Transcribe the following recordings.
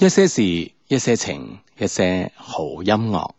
一些事，一些情，一些好音樂。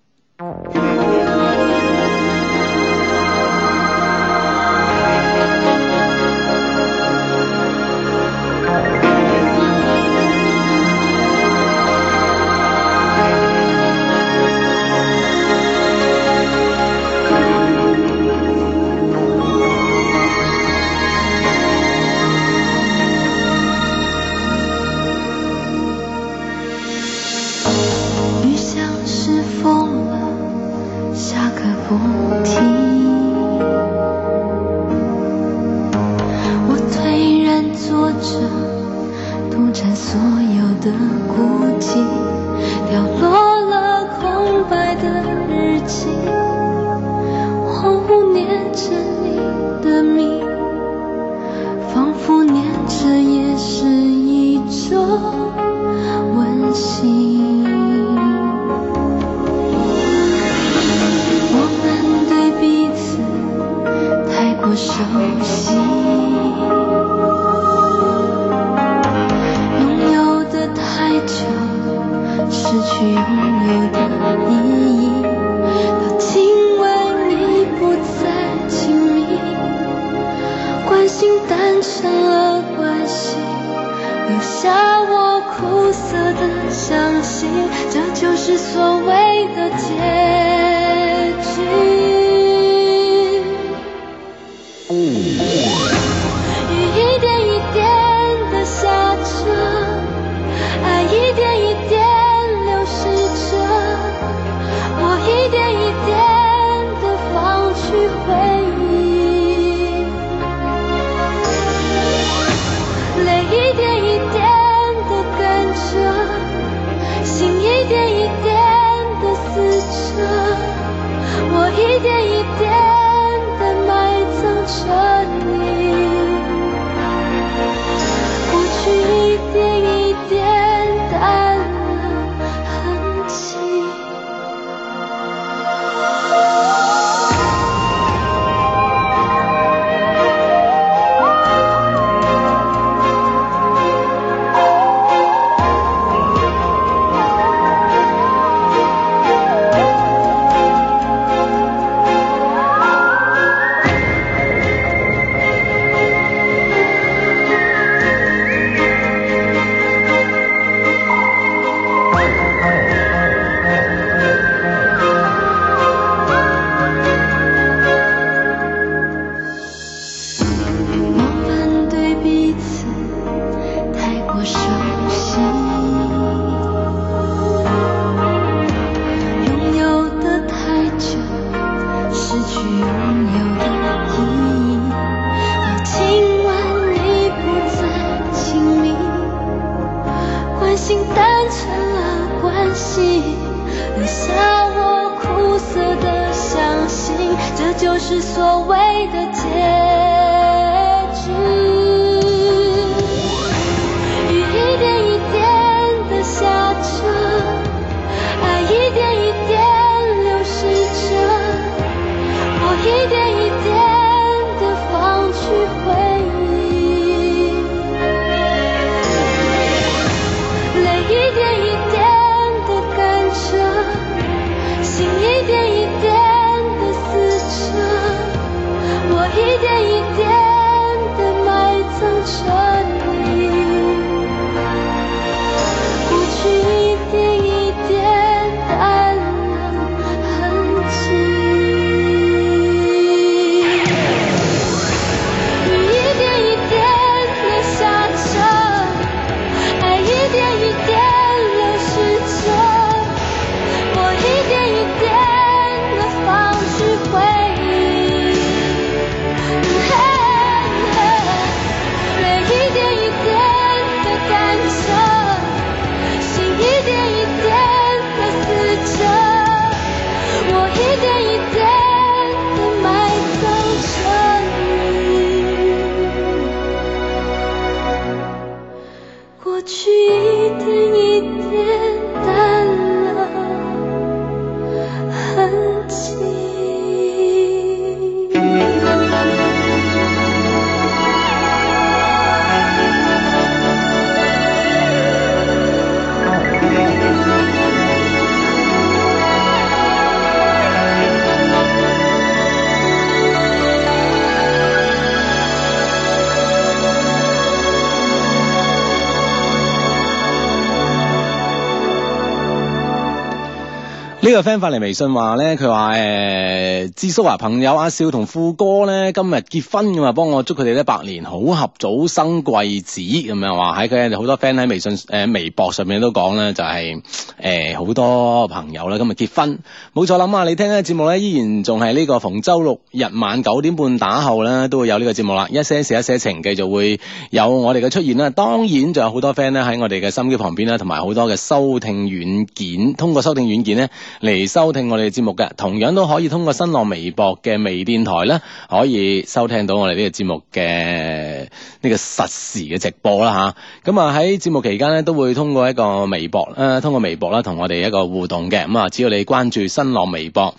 呢個 friend 發嚟微信話咧，佢話誒，智、呃、叔啊，朋友阿少同富哥咧，今日結婚咁嘛，幫我祝佢哋咧百年好合，早生貴子咁樣話喺佢好多 friend 喺微信誒、呃、微博上面都講咧，就係誒好多朋友啦，今日結婚冇錯，諗下你聽節呢個節目咧，依然仲係呢個逢周六日晚九點半打後咧，都會有呢個節目啦，一些事，一些情，繼續會有我哋嘅出現啦。當然仲有好多 friend 咧喺我哋嘅收音機旁邊啦，同埋好多嘅收聽軟件，通過收聽軟件咧。嚟收聽我哋嘅節目嘅，同樣都可以通過新浪微博嘅微電台咧，可以收聽到我哋呢個節目嘅呢個實時嘅直播啦吓。咁啊喺節目期間呢，都會通過一個微博，誒、啊、通過微博啦，同我哋一個互動嘅。咁啊，只要你關注新浪微博。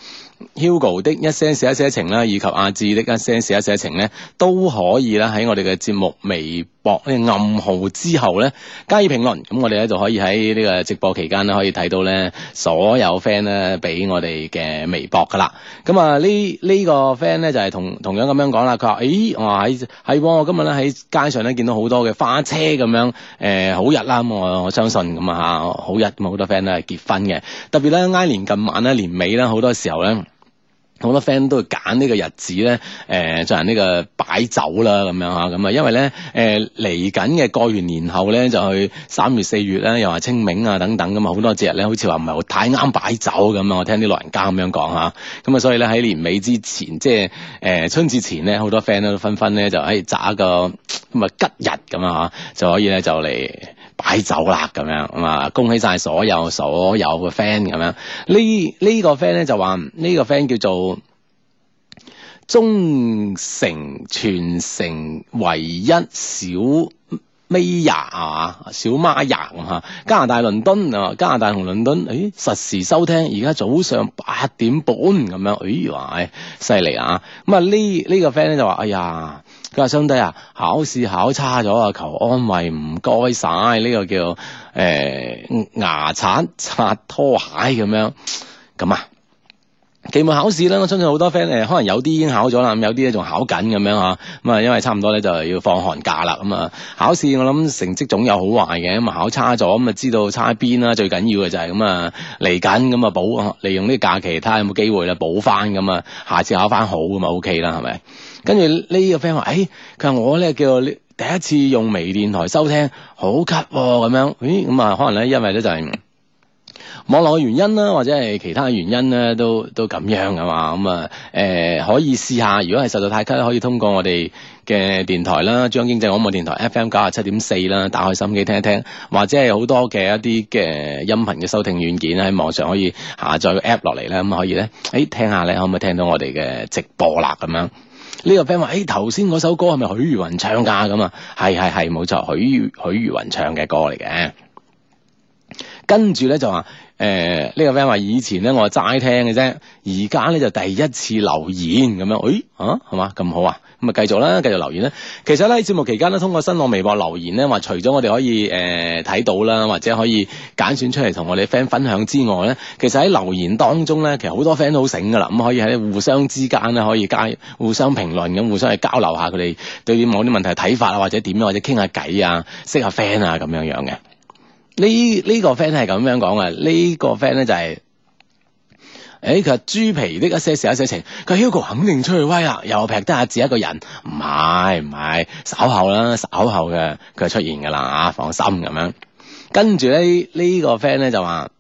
Hugo 的一些事一些情啦，以及阿志的一些事一些情咧，都可以啦喺我哋嘅節目微博呢，這個，暗號之後咧加以評論，咁我哋咧就可以喺呢個直播期間咧可以睇到咧所有 friend 咧俾我哋嘅微博噶啦。咁啊呢呢，這個 friend 咧就係同同樣咁樣講啦，佢話誒我喺喺我今日咧喺街上咧見到好多嘅花車咁樣誒好日啦，我，呃，我相信咁啊吓好日咁好多 friend 咧係結婚嘅，特別咧挨年近晚咧年尾咧好多時候咧。好多 friend 都會揀呢個日子咧，誒、呃，進行呢個擺酒啦，咁樣吓，咁啊，因為咧，誒、呃，嚟緊嘅過完年後咧，就去三月四月咧，又話清明啊，等等，咁啊，好多節日咧，好似話唔係太啱擺酒咁啊，我聽啲老人家咁樣講吓，咁啊，所以咧喺年尾之前，即係，誒、呃，春節前咧，好多 friend 都紛紛咧就喺擇一個咁啊吉日咁啊吓，就可以咧就嚟。擺酒啦，咁樣啊，恭喜晒所有所有嘅 friend 咁樣。呢呢個 friend 咧就話呢個 friend 叫做中城全城唯一小 Mia 啊，小 Maria 呀，加拿大倫敦啊，加拿大同倫敦，誒，實時收聽，而家早上八點半咁樣，誒，哇誒，犀利啊。咁啊，呢呢個 friend 咧就話，哎呀。佢話兄弟啊，考試考差咗啊，求安慰唔該晒呢個叫誒、呃、牙刷擦拖鞋咁樣咁啊。期末考試啦，我相信好多 friend 誒，可能有啲已經考咗啦，咁有啲咧仲考緊咁樣嚇，咁啊因為差唔多咧就係要放寒假啦，咁啊考試我諗成績總有好壞嘅，咁啊考差咗咁啊知道差邊啦，最緊要嘅就係咁啊嚟緊咁啊補利用呢個假期睇下有冇機會啦補翻咁啊，下次考翻好咁啊 OK 啦，係咪？跟住、哎、呢個 friend 話誒，佢話我咧叫我第一次用微電台收聽，好咳喎咁樣，咦咁啊可能咧因為咧就係、是。網絡嘅原因啦，或者係其他嘅原因咧，都都咁樣噶嘛。咁、嗯、啊，誒、呃、可以試下，如果係實在太急，可以通過我哋嘅電台啦，珠江經濟廣播電台 F M 九七點四啦，4, 打開收音機聽一聽，或者係好多嘅一啲嘅音頻嘅收聽軟件喺網上可以下載個 App 落嚟咧，咁可以咧，誒聽下咧，可唔可以聽到我哋嘅直播啦？咁樣呢、呢個 friend 話：誒頭先嗰首歌係咪許茹芸唱噶？咁啊，係係係冇錯，許許茹芸唱嘅歌嚟嘅。跟住咧就話。誒呢、呃這個 friend 話以前咧我係齋聽嘅啫，而家咧就第一次留言咁樣，誒、哎、啊，係嘛咁好啊，咁啊繼續啦，繼續留言啦。其實咧喺節目期間咧，通過新浪微博留言咧，話除咗我哋可以誒睇、呃、到啦，或者可以揀選出嚟同我哋嘅 friend 分享之外咧，其實喺留言當中咧，其實好多 friend 都好醒㗎啦，咁可以喺互相之間咧可以加互相評論，咁互相去交流下佢哋對某啲問題嘅睇法啊，或者點樣，或者傾下偈啊，識下 friend 啊咁樣樣嘅。呢呢、這個 friend 係咁樣講嘅。呢、這個 friend 咧就係、是，誒其實豬皮的一些事一些情，佢話 Hugo 肯定出去威啦，又劈得阿字一個人，唔係唔係，稍後啦，稍後嘅佢出現噶啦，啊放心咁樣，跟住咧呢、這個 friend 咧就話。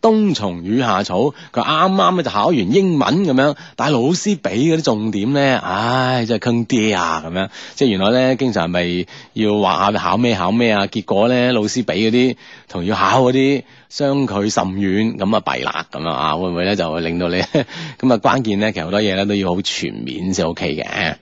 冬蟲與夏草，佢啱啱咧就考完英文咁樣，但係老師俾嗰啲重點咧，唉，真係坑爹啊！咁樣，即係原來咧，經常咪要話考咩考咩啊，結果咧，老師俾嗰啲同要考嗰啲相距甚遠，咁啊弊啦咁啊，會唔會咧就會令到你咁啊？關鍵咧，其實好多嘢咧都要好全面先 OK 嘅。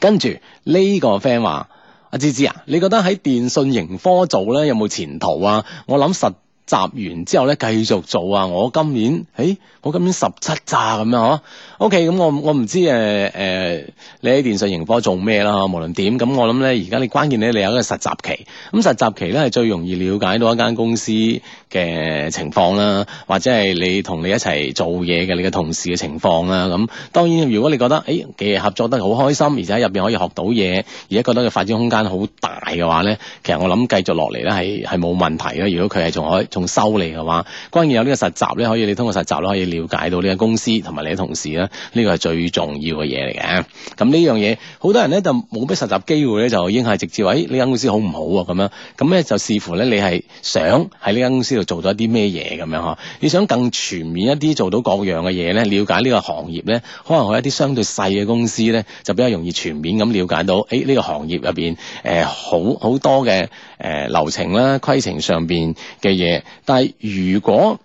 跟住呢個 friend 話：阿芝芝啊，你覺得喺電訊盈科做咧有冇前途啊？我諗實。集完之後咧，繼續做啊！我今年，誒、欸，我今年十七咋咁樣呵？OK，咁我我唔知誒誒、呃，你喺電訊盈科做咩啦？嗬，無論點，咁、嗯、我諗咧，而家你關鍵咧，你有一個實習期。咁、嗯、實習期咧，係最容易了解到一間公司嘅情況啦，或者係你同你一齊做嘢嘅你嘅同事嘅情況啦。咁、嗯、當然，如果你覺得誒、欸，其實合作得好開心，而且喺入邊可以學到嘢，而且覺得佢發展空間好大嘅話咧，其實我諗繼續落嚟咧係係冇問題嘅。如果佢係仲可以收你嘅話，關鍵有呢個實習咧，你可以你通過實習咧可以了解到呢間公司同埋你啲同事咧，呢個係最重要嘅嘢嚟嘅。咁呢樣嘢，好多人咧就冇乜實習機會咧，就已經係直接話，誒呢間公司好唔好啊？咁樣咁咧就視乎咧你係想喺呢間公司度做咗一啲咩嘢咁樣呵？你想更全面一啲做到各樣嘅嘢咧，了解呢個行業咧，可能去一啲相對細嘅公司咧，就比較容易全面咁了解到誒呢個行業入邊誒好好多嘅誒、呃、流程啦、規程上邊嘅嘢。但係如果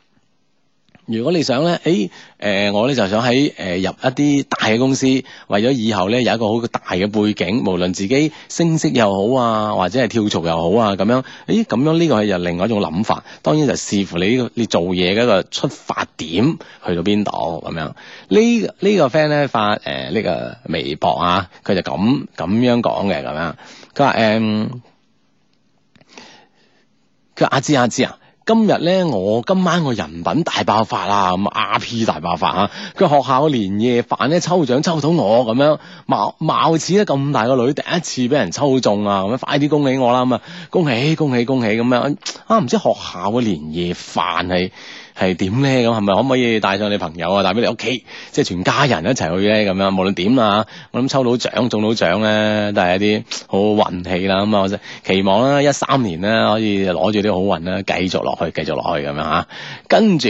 如果你想咧，誒、欸，誒、呃，我咧就想喺誒、呃、入一啲大嘅公司，為咗以後咧有一個好大嘅背景，無論自己升息又好啊，或者係跳槽又好啊，咁樣，誒、欸，咁樣，呢個係又另外一種諗法。當然就視乎你呢，你做嘢嘅一個出發點去到邊度咁樣。這個這個、呢呢個 friend 咧發誒呢、呃這個微博啊，佢就咁咁樣講嘅咁樣，佢話誒，佢阿芝，阿芝、嗯、啊。啊啊啊今日咧，我今晚個人品大爆發啊，咁阿 P 大爆發吓，佢學校嘅年夜飯咧抽獎抽到我咁樣，貌貌似咧咁大個女第一次俾人抽中啊，咁快啲恭喜我啦，咁啊恭喜恭喜恭喜咁樣，啊唔知學校嘅年夜飯係。係點咧咁，係咪可唔可以帶上你朋友啊，帶俾你屋企，即係全家人一齊去咧咁樣，無論點啊，我諗抽到獎中到獎咧，都係一啲好運氣啦咁啊，我期望啦一三年咧可以攞住啲好運啦，繼續落去，繼續落去咁樣吓。跟住，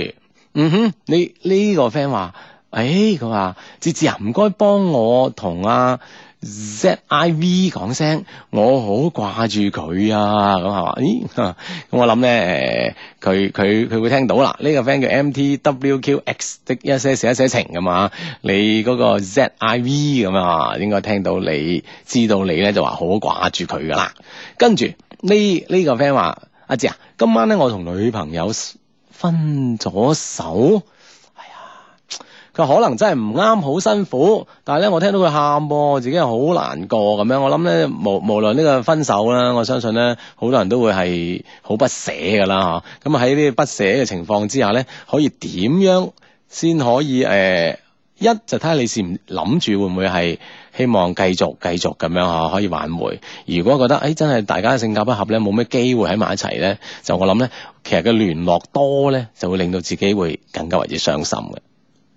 嗯哼，你呢、呢個 friend 話，誒、欸，佢話節節啊，唔該幫我同啊。」Z I V 講聲，我好掛住佢啊！咁係話。咦？咁 我諗咧，佢佢佢會聽到啦。呢個 friend 叫 M T W Q X 的一些事一些情噶嘛？你嗰個 Z I V 咁樣啊，應該聽到你知道你咧就話好掛住佢噶啦。跟住呢呢個 friend 話：阿志啊，今晚咧我同女朋友分咗手。佢可能真係唔啱，好辛苦，但係咧，我聽到佢喊，我自己又好難過咁樣。我諗咧，無無論呢個分手啦，我相信咧，好多人都會係好不捨㗎啦。嚇咁喺呢啲不捨嘅情況之下咧，可以點樣先可以誒、呃？一就睇下你是唔諗住會唔會係希望繼續繼續咁樣嚇、啊，可以挽回。如果覺得誒、欸、真係大家嘅性格不合咧，冇咩機會喺埋一齊咧，就我諗咧，其實嘅聯絡多咧，就會令到自己會更加為之傷心嘅。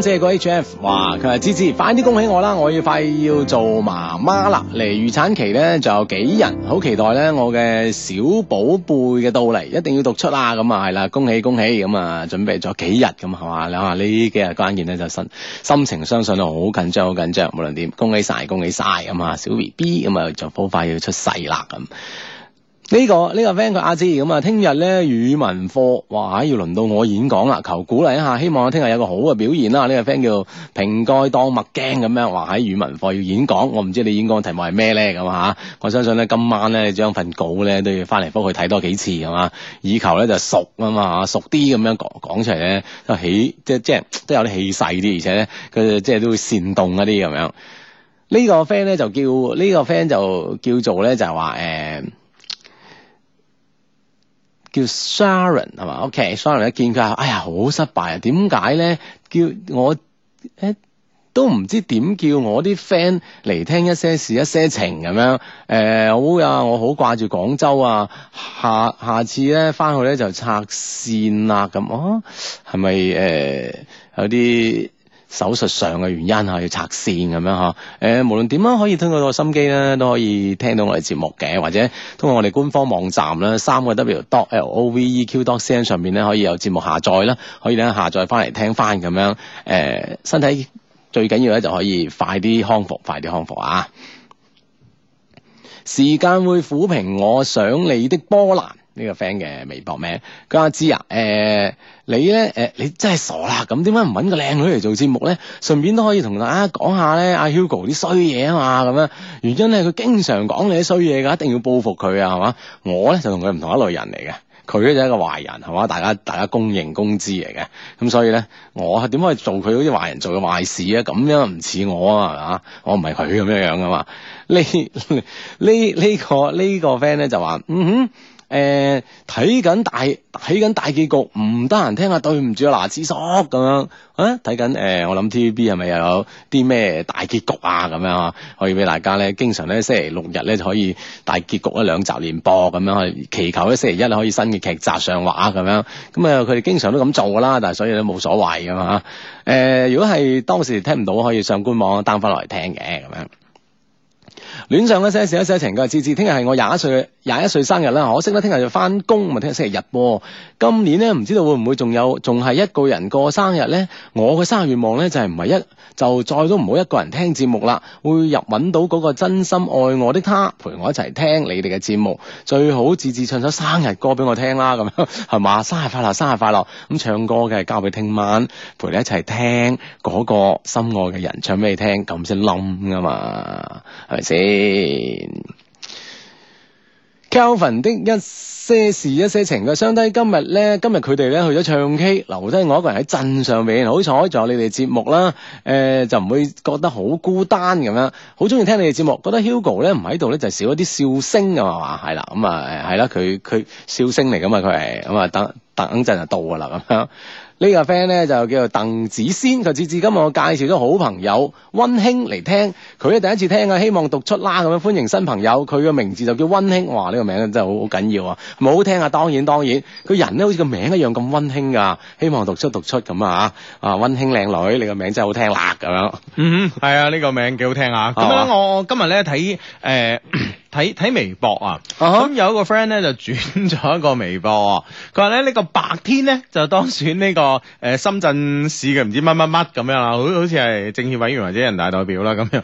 借個 H F，哇！佢話芝芝，i, 快啲恭喜我啦，我要快要做媽媽啦，嚟預產期咧仲有幾日，好期待咧我嘅小寶貝嘅到嚟，一定要讀出啦，咁啊係啦，恭喜恭喜，咁啊準備咗幾日，咁係嘛，你話呢幾日關鍵咧就心心情，相信好緊張，好緊張，無論點，恭喜晒，恭喜晒，咁啊小 B B，咁啊就好快要出世啦，咁。這個這個、fan, 呢個呢個 friend 佢阿志咁啊，聽日咧語文課哇要輪到我演講啦，求鼓勵一下，希望我聽日有個好嘅表現啦。呢、這個 friend 叫平該當麥驚咁樣，話喺語文課要演講，我唔知你演講嘅題目係咩咧咁啊嚇，我相信咧今晚咧將份稿咧都要翻嚟復去睇多幾次係嘛，以求咧就熟啊嘛，熟啲咁樣講講出嚟咧起即即，即都有啲氣勢啲，而且佢即，即都會煽動嗰啲咁樣。這個、呢個 friend 咧就叫呢、這個 friend 就叫做咧、這個、就係話誒。就是叫 Sharon 係嘛？OK，Sharon、okay, 一見佢話：哎呀，好失敗啊！點解咧？叫我誒、欸，都唔知點叫我啲 friend 嚟聽一些事、一些情咁樣，誒、欸，好、哦、啊，我好掛住廣州啊！下下次咧翻去咧就拆線啦咁。哦，係咪誒，有啲？手術上嘅原因吓、啊，要拆線咁樣吓。誒、啊，無論點樣，可以通過個心機咧都可以聽到我哋節目嘅，或者通過我哋官方網站啦、啊，三個 w dot l o v e q dot c n 上面咧可以有節目下載啦，可以咧下載翻嚟聽翻咁樣。誒、啊，身體最緊要咧就可以快啲康復，快啲康復啊！時間會撫平我想你的波瀾。呢個 friend 嘅微博名，佢話、呃：知啊，誒你咧，誒你真係傻啦！咁點解唔揾個靚女嚟做節目咧？順便都可以同大家講下咧，阿 Hugo 啲衰嘢啊嘛咁樣。原因咧，佢經常講你啲衰嘢㗎，一定要報復佢啊，係嘛？我咧就同佢唔同一類人嚟嘅，佢咧就係、是、一個壞人係嘛？大家大家公認公知嚟嘅，咁所以咧，我係點可以做佢嗰啲壞人做嘅壞事啊？咁樣唔似我啊，係嘛？我唔係佢咁樣樣㗎嘛。呢呢呢個呢、這個 friend 咧、這個、就話：嗯哼。誒，睇緊、欸、大睇緊大結局，唔得閒聽下對唔住啊，嗱，子叔咁樣啊，睇緊誒，我諗 T V B 係咪又有啲咩大結局啊？咁樣啊，可以俾大家咧，經常咧星期六日咧就可以大結局一兩集連播咁樣，可以祈求咧星期一可以新嘅劇集上畫咁樣，咁啊，佢哋經常都咁做噶啦，但係所以都冇所謂噶嘛吓。誒、啊，如果係當時聽唔到，可以上官網 down 翻落嚟聽嘅咁樣。戀上一些事一些情嘅次次，聽日係我廿一歲廿一歲生日啦！可惜咧，聽日要返工，咪聽日星期日喎。今年咧，唔知道會唔會仲有，仲係一個人過生日咧？我嘅生日願望咧，就係唔係一。就再都唔好一個人聽節目啦，會入搵到嗰個真心愛我的他陪我一齊聽你哋嘅節目，最好自自唱首生日歌俾我聽啦，咁樣係嘛，生日快樂，生日快樂，咁、嗯、唱歌嘅交俾聽晚，陪你一齊聽嗰、那個心愛嘅人唱俾你聽，咁先冧噶嘛，係咪先？Kevin 的一些事一些情，佢相低今日咧，今日佢哋咧去咗唱 K，留低我一個人喺鎮上面，好彩仲有你哋節目啦，誒、呃、就唔會覺得好孤單咁樣，好中意聽你哋節目，覺得 Hugo 咧唔喺度咧就少咗啲笑聲噶嘛，係啦，咁啊係啦，佢佢笑聲嚟噶嘛，佢係咁啊，等等陣就到噶啦咁樣。嗯呢個 friend 咧就叫做鄧子仙，佢至至今我介紹咗好朋友温馨嚟聽，佢第一次聽啊，希望讀出啦咁樣歡迎新朋友，佢個名字就叫温馨，哇呢個名真係好好緊要啊，好,好聽啊，當然當然，佢人咧好似個名一樣咁温馨噶，希望讀出讀出咁啊，啊温馨靚女，你個名真係好聽啦咁樣，嗯哼係啊呢個名幾好聽啊，咁啊我我今日咧睇誒。 睇睇微博啊，咁、uh huh. 有一個 friend 咧就轉咗一個微博、啊，佢話咧呢、這個白天咧就當選呢、這個誒、呃、深圳市嘅唔知乜乜乜咁樣啦，好好似係政協委員或者人大代表啦咁樣，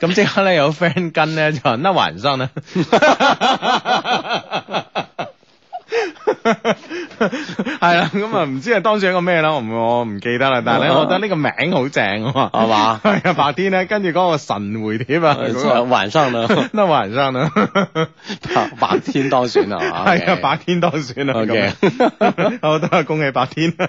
咁 即刻咧有 friend 跟咧就話得還生啦。 係啦，咁啊唔知係當選一個咩啦，我我唔記得啦。但係我覺得呢個名好正啊，係嘛？係白天咧，跟住嗰個神回帖啊，晚上啦，都晚上啦，白天當選係嘛？係 Okay. 白天當選啊，OK，好，得 恭喜白天啊。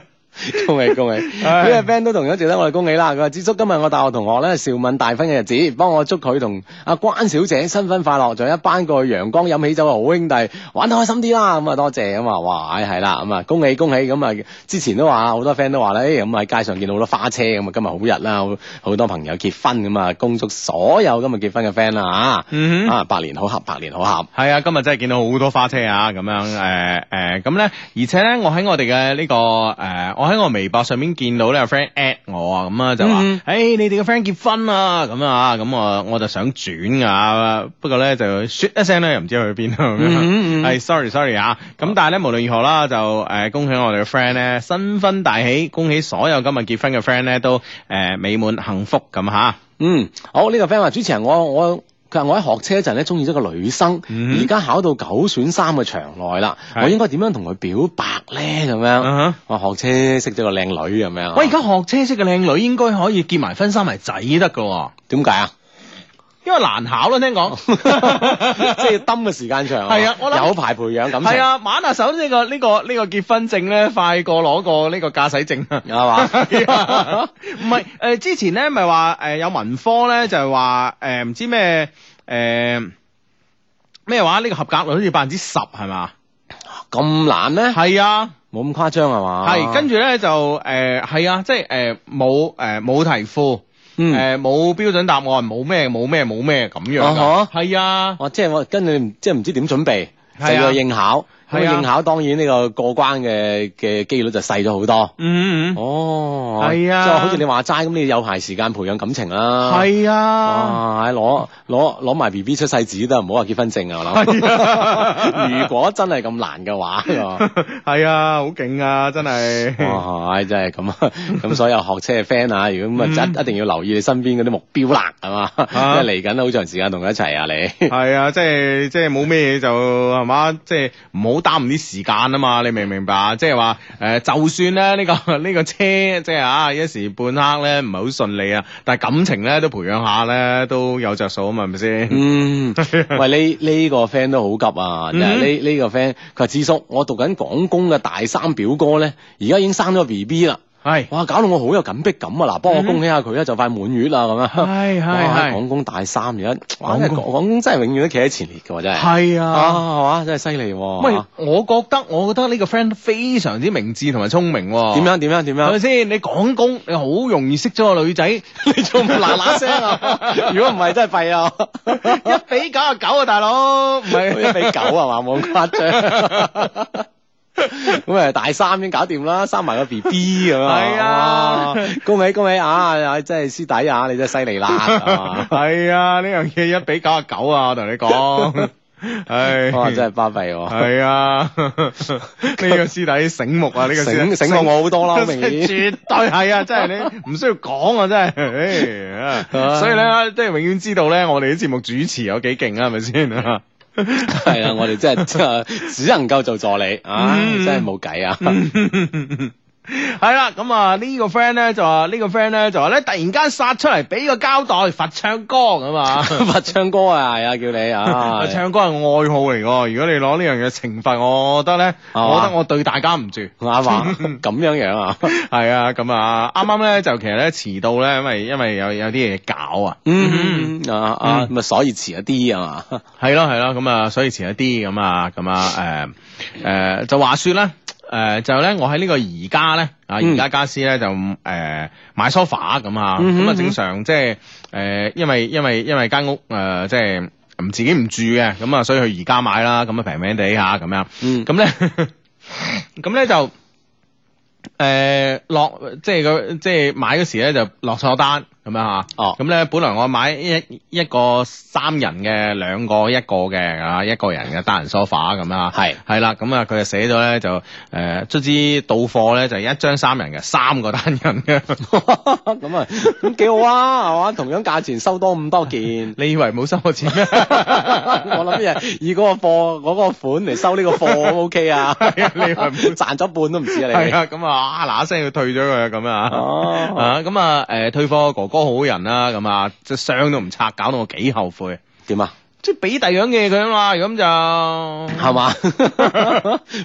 恭喜 恭喜！啲 friend 都同樣值得我哋恭喜啦。佢話： 祝祝今日我大學同學咧，兆敏大婚嘅日子，幫我祝佢同阿關小姐新婚快樂，仲有一班過去陽江飲喜酒嘅好兄弟，玩得開心啲啦。咁啊，多謝咁啊哇！係啦，咁啊，恭喜恭喜！咁啊，之前都話好多 friend 都話咧，咁、哎、喺街上見到好多花車咁啊，今日好日啦，好多朋友結婚咁啊，恭祝所有今日結婚嘅 friend 啦啊！嗯、哼啊百年好合，百年好合。係啊，今日真係見到好多花車啊，咁樣誒誒咁咧，而且咧，我喺我哋嘅呢個誒、呃我喺我微博上面見到呢個，friend at 我啊，咁啊就話，誒、mm，hmm. hey, 你哋個 friend 結婚啊，咁啊，咁啊，我就想轉啊。」不過咧就說一聲咧，又唔知去邊，係、mm hmm. sorry sorry 啊，咁但係咧無論如何啦，就誒、呃、恭喜我哋個 friend 咧新婚大喜，恭喜所有今日結婚嘅 friend 咧都誒、呃、美滿幸福咁吓。嗯，mm hmm. 好呢、這個 friend 話主持人我我。我但係我喺學車陣咧，中意咗個女生，而家、嗯、考到九選三嘅場內啦，是我應該點樣同佢表白咧？咁樣，我、uh huh. 學車識咗個靚女咁樣喂，而家學車識嘅靚女應該可以結埋婚生埋仔得嘅？點解啊？因為難考咯，聽講，即係蹲嘅時間長，啊，係啊，我諗有排培養感情。係啊，馬那首先個呢個呢個結婚證咧，快過攞過呢個駕駛證係嘛 吧？唔係誒，之前咧咪話誒有文科咧就係話誒唔知咩誒咩話呢個合格率好似百分之十係嘛？咁難咩？係啊，冇咁誇張係嘛？係跟住咧就誒係啊，即係誒冇誒冇題庫。嗯，誒，冇標準答案，冇咩，冇咩，冇咩咁樣㗎，係、uh huh。啊，哇、哦，即係我跟你即係唔知點準備，啊、就要應考。係應考，當然呢個過關嘅嘅幾率就細咗好多。嗯哦，係啊，即係好似你話齋咁，你有排時間培養感情啦。係啊，哇，攞攞攞埋 B B 出世紙都唔好話結婚證啊！我諗，如果真係咁難嘅話，係啊，好勁啊，真係哇，真係咁，咁所有學車嘅 friend 啊，如果咁啊，一定要留意你身邊嗰啲目標啦，係嘛，因為嚟緊好長時間同佢一齊啊，你係啊，即係即係冇咩嘢就係嘛，即係唔好。好耽誤啲時間啊嘛，你明唔明白啊？即係話誒，就算咧呢個呢個車即係啊一時半刻咧唔係好順利啊，但係感情咧都培養下咧都有着數啊嘛，係咪先？嗯， 喂呢呢個 friend 都好急啊，呢呢、嗯、個 friend 佢話智叔，我讀緊廣工嘅大三表哥咧，而家已經生咗 BB 啦。係，哇！搞到我好有緊迫感啊！嗱，幫我恭喜下佢咧，就快滿月啦咁樣。係係係。港工大三而家，哇！港港工真係永遠都企喺前列嘅，真係。係啊，係嘛？真係犀利。喂，我覺得我覺得呢個 friend 非常之明智同埋聰明。點樣點樣點樣？係咪先？你港工你好容易識咗個女仔，你仲唔嗱嗱聲啊？如果唔係，真係廢啊！一比九啊九啊，大佬，唔係一比九啊話，冇咁誇張。咁 啊，大三已經搞掂啦，生埋個 B B 咁啊，係啊哇，恭喜恭喜啊，真係師弟啊，你真係犀利啦，係啊，呢樣嘢一比九啊九啊，我同你講，唉、哎，真係巴閉，我係啊，呢、 啊這個師弟， 個師弟 醒目啊，呢個師，醒目我好多啦，明顯， 絕對係啊，真係你唔需要講啊，真係，哎啊、 所以咧，即係永遠知道咧，我哋啲節目主持有幾勁啊，係咪先？係啊，我哋真係真係只能夠做助理啊，真係冇計啊。係啦，咁、 嗯嗯、啊呢、呢個 friend 咧就話、是、呢、呢個 friend 咧就話、是、咧突然間殺出嚟俾個交代，罰唱歌啊嘛，罰唱歌啊，啊，叫你啊，唱歌係愛好嚟，如果你攞呢樣嘢懲罰，我覺得咧，啊、我覺得我對大家唔住，啱華咁樣樣啊，係啊，咁啊啱啱咧就其實咧遲到咧，因為因為有有啲嘢搞啊，嗯啊啊，咁啊所以遲一啲啊嘛，係咯係咯，咁啊所以遲一啲，咁啊咁啊，誒、啊、誒、啊、就話說啦。 誒、呃，就咧我喺呢個宜家咧，啊、嗯、宜家傢俬咧就誒買 sofa 咁啊，咁啊正常即係誒，因為因為因為間屋誒即係唔自己唔住嘅，咁啊所以去宜家買啦，咁啊平平地吓咁樣，咁咧咁咧就誒、呃、落即係個即係買嗰時咧就落錯單。咁樣啊，哦、嗯，咁咧，本來我買一個一個三人嘅，兩個一個嘅，啊，一個人嘅單人梳化咁啊，係，係啦是，咁啊，佢就寫咗咧就，誒、呃，卒之到貨咧就係一張三人嘅，三個單人嘅，咁 啊，咁幾好啊，係嘛，同樣價錢收多咁多件， 你以為冇收錢 我錢我諗嘢以嗰個貨，嗰個款嚟收呢個貨，O K 啊， 啊？你以為賺咗半都唔知啊？你。咁啊，嗱嗱聲要退咗佢咁啊，啊，咁啊，誒，退貨哥哥。多好人啦咁啊，即係相都唔拆，搞到我幾後悔。點啊？即係俾第二樣嘢佢啊嘛，咁就係嘛？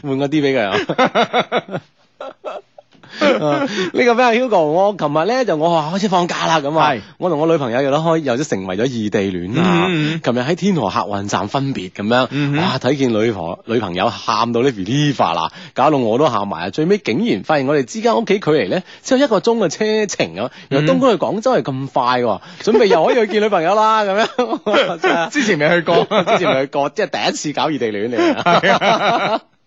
換 個啲俾佢。啊。 呢個咩啊，Hugo？我琴日咧就我話開始放假啦咁啊，是我同我女朋友又都開又咗成為咗異地戀啦。琴日喺天河客運站分別咁樣，mm hmm. 哇！睇見女朋女朋友喊到呢邊呢化嗱，搞到我都喊埋啊！最尾竟然發現我哋之間屋企距離咧，只有一個鐘嘅車程咁。原來東莞去廣州係咁快喎，準備又可以去見女朋友啦咁樣。 之前未去過， 之前未去過，即係第一次搞異地戀嚟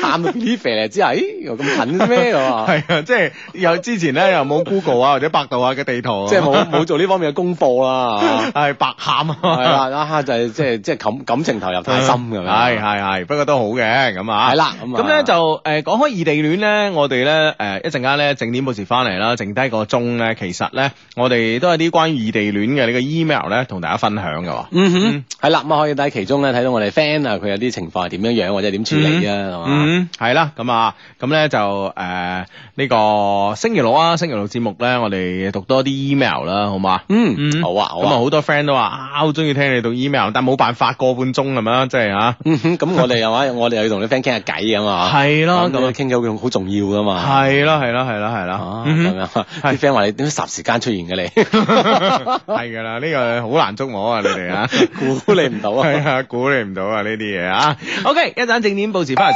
喊到啲肥之後，又咁近咩？係啊，即係又之前咧又冇 Google 啊或者百度啊嘅地圖，即係冇冇做呢方面嘅功課啦，係白喊啊，係啦，就係即係即係感情投入太深咁樣。係係係，不過都好嘅咁啊。係啦，咁咁咧就誒講開異地戀咧，我哋咧誒一陣間咧整點報時翻嚟啦，剩低個鐘咧，其實咧我哋都有啲關於異地戀嘅呢個 email 咧，同大家分享嘅。嗯哼，係啦，咁可以睇其中咧睇到我哋 friend 啊，佢有啲情況係點樣樣或者點處理啊？Mm hmm. 嗯，係啦，咁啊，咁咧就誒呢個星期六啊，星期六節目咧，我哋讀多啲 email 啦，好嘛？嗯嗯、mm hmm. 啊，好啊，咁啊好多 friend 都話好中意聽你讀 email，但冇辦法，過半鐘係咪啊？即係吓，咁、 嗯、我哋又話，我哋又，又要同啲 friend 傾下偈啊嘛？係咯， 咁啊傾咗好重要噶嘛？係啦係啦係啦係啦，咁樣啲 friend 話你點解霎時間出現嘅你？係噶啦，呢、 這個好難捉摸啊！你哋啊， 估你唔到啊，估你唔到啊呢啲嘢啊！OK，一陣正點報時翻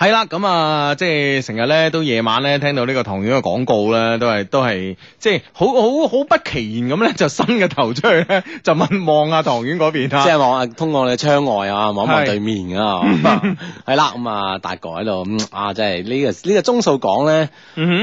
係啦，咁啊，即係成日咧都夜晚咧聽到呢個唐苑嘅廣告咧，都係都係即係好好好不其然咁咧，就伸個頭出去咧，就問望下唐苑嗰邊，啊、即係望啊，通過我哋窗外啊，望望對面啊，哦，係啦，咁，嗯、啊，大哥喺度啊，真係呢個呢個鐘數講咧，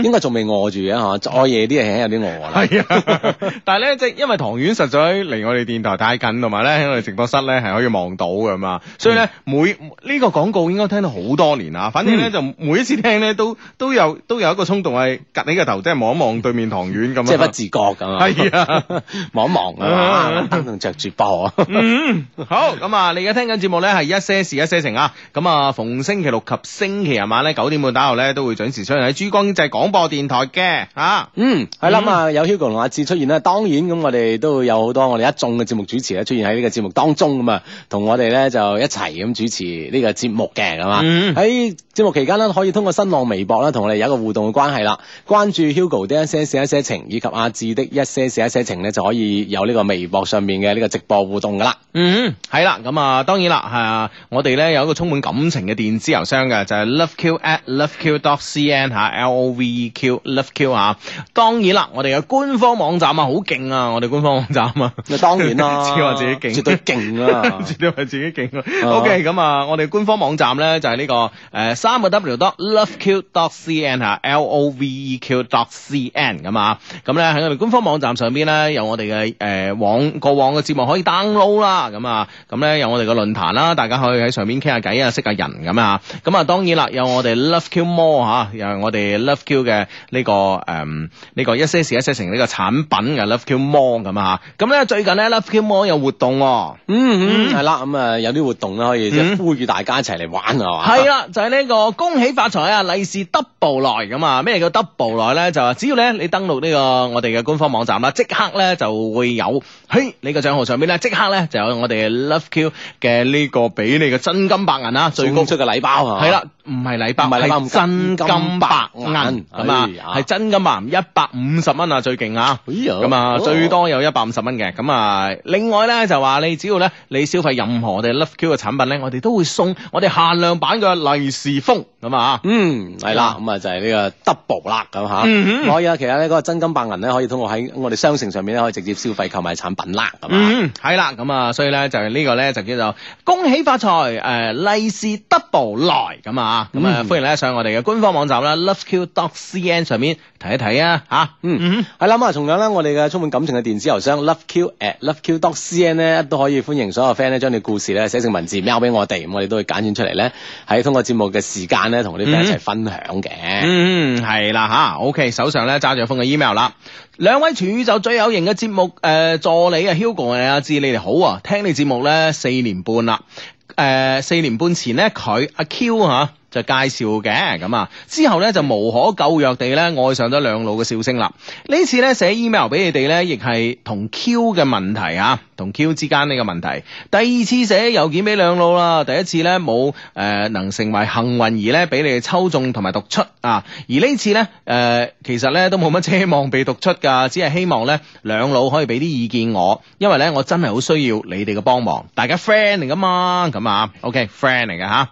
應該仲未餓住啊，嚇，再夜啲嘢有啲餓啊，係啊，但係咧即係因為唐苑實在離我哋電台太近，同埋咧喺我哋直播室咧係可以望到嘅嘛，所以咧每呢、呢個廣告應該聽到好多年啦。反正咧就、嗯、每一次聽咧都都有都有一個衝動係隔你個頭，即、就、係、是、望一望對面唐苑咁，即係 不自覺咁啊，係啊嗎， 望一望啊，登着住波。嗯，好咁啊，你而家聽緊節目咧係一些事一些情啊，咁啊逢星期六及星期日晚咧九點半打後咧都會準時出現喺珠江經濟廣播電台嘅啊，嗯，係啦啊，了嗯、有 Hugo 同阿志出現咧，當然咁我哋都會有好多我哋一眾嘅節目主持咧出現喺呢個節目當中咁啊，同我哋咧就一齊咁主持呢個節目嘅㗎嘛，喺。嗯節目期間咧，可以通過新浪微博啦，同我哋有一個互動嘅關係啦。關注 Hugo 的一些事一些情，以及阿志的一些事一些情咧，就可以有呢個微博上面嘅呢個直播互動噶啦、嗯。嗯，係啦，咁啊、就是、啊，當然啦，係啊，我哋咧有一個充滿感情嘅電子郵箱嘅，就係 LoveQ at LoveQ dot cn 吓，L O V E Q LoveQ 吓。當然啦，我哋嘅官方網站啊，好勁啊，我哋官方網站啊。當然啦，只話自己勁，絕對勁啊，絕對話自己勁。OK，咁、嗯、啊，我哋官方網站咧就係呢、這個誒。呃三個 w dot loveq dot cn 吓，l o v e q dot c n 咁啊，咁咧喺我哋官方網站上邊咧，嗯嗯嗯、有我哋嘅誒往過往嘅節目可以 download 啦，咁啊，咁咧有我哋嘅論壇啦，大家可以喺上面傾下偈啊，識下人咁啊，咁啊、哦，當然啦，有我哋 loveq more 吓、啊，又係我哋 loveq 嘅呢、這個誒呢個一些事一些情呢個產品嘅 loveq more 咁啊，咁咧最近咧 loveq more 有活動，嗯嗯，係啦、嗯，咁、嗯、啊有啲活動咧可以呼籲大家一齊嚟玩啊，係啦、嗯，就。 呢個恭喜發財啊！利是 double 來咁啊！咩叫 double 來咧？就話只要咧你登錄呢個我哋嘅官方網站啦，即刻咧就會有，嘿呢個賬號上邊咧即刻咧就有我哋 LoveQ 嘅呢個俾你嘅真金白銀啊！最高出嘅禮包啊！係啦，唔係禮包，唔係真金白銀咁啊，係真金啊，一百五十蚊啊，最勁啊！咁啊，最多有一百五十蚊嘅。咁啊，另外咧就話你只要咧你消費任何我哋 LoveQ 嘅產品咧，我哋都會送我哋限量版嘅利。時風咁啊，嗯，係啦了，咁啊、嗯、就係呢個 double 啦，咁嚇、啊，嗯、可以啊，其實呢嗰個真金白銀咧，可以通過喺我哋商城上面咧，可以直接消費購買產品啦，咁啊，係啦、嗯，咁啊，所以咧就係呢個咧就叫做恭喜發財，誒、呃、利是 double 來，咁啊，咁啊、嗯嗯、歡迎你上我哋嘅官方網站啦，loveq.cn 上面睇一睇啊，吓、啊，嗯，係啦，咁啊，同樣咧我哋嘅充滿感情嘅電子郵箱 loveq@loveq.cn 咧都可以歡迎所有 friend 咧將你故事咧寫成文字喵俾我哋，咁、嗯、我哋都會揀選出嚟咧喺通過節目。嘅時間咧，同我啲 friend 一齊分享嘅，嗯，嗯嗯，係啦吓，OK，手上咧揸住封嘅 email 啦，兩位全宇宙最有型嘅節目誒、呃，助理啊，Hugo 啊，阿志，你哋好啊，聽你節目咧四年半啦，誒、呃，四年半前咧佢阿 Q 吓。就介紹嘅咁啊，之後咧就無可救藥地咧愛上咗兩老嘅笑聲啦。呢次咧寫 email 俾你哋咧，亦係同 Q 嘅問題啊，同 Q 之間呢個問題。第二次寫郵件俾兩老啦，第一次咧冇誒能成為幸運兒咧，俾你哋抽中同埋讀出啊。而呢次咧誒，其實咧都冇乜奢望被讀出噶，只係希望咧兩老可以俾啲意見我，因為咧我真係好需要你哋嘅幫忙。大家 friend 嚟噶嘛咁啊，OK，friend，okay，嚟嘅吓，啊，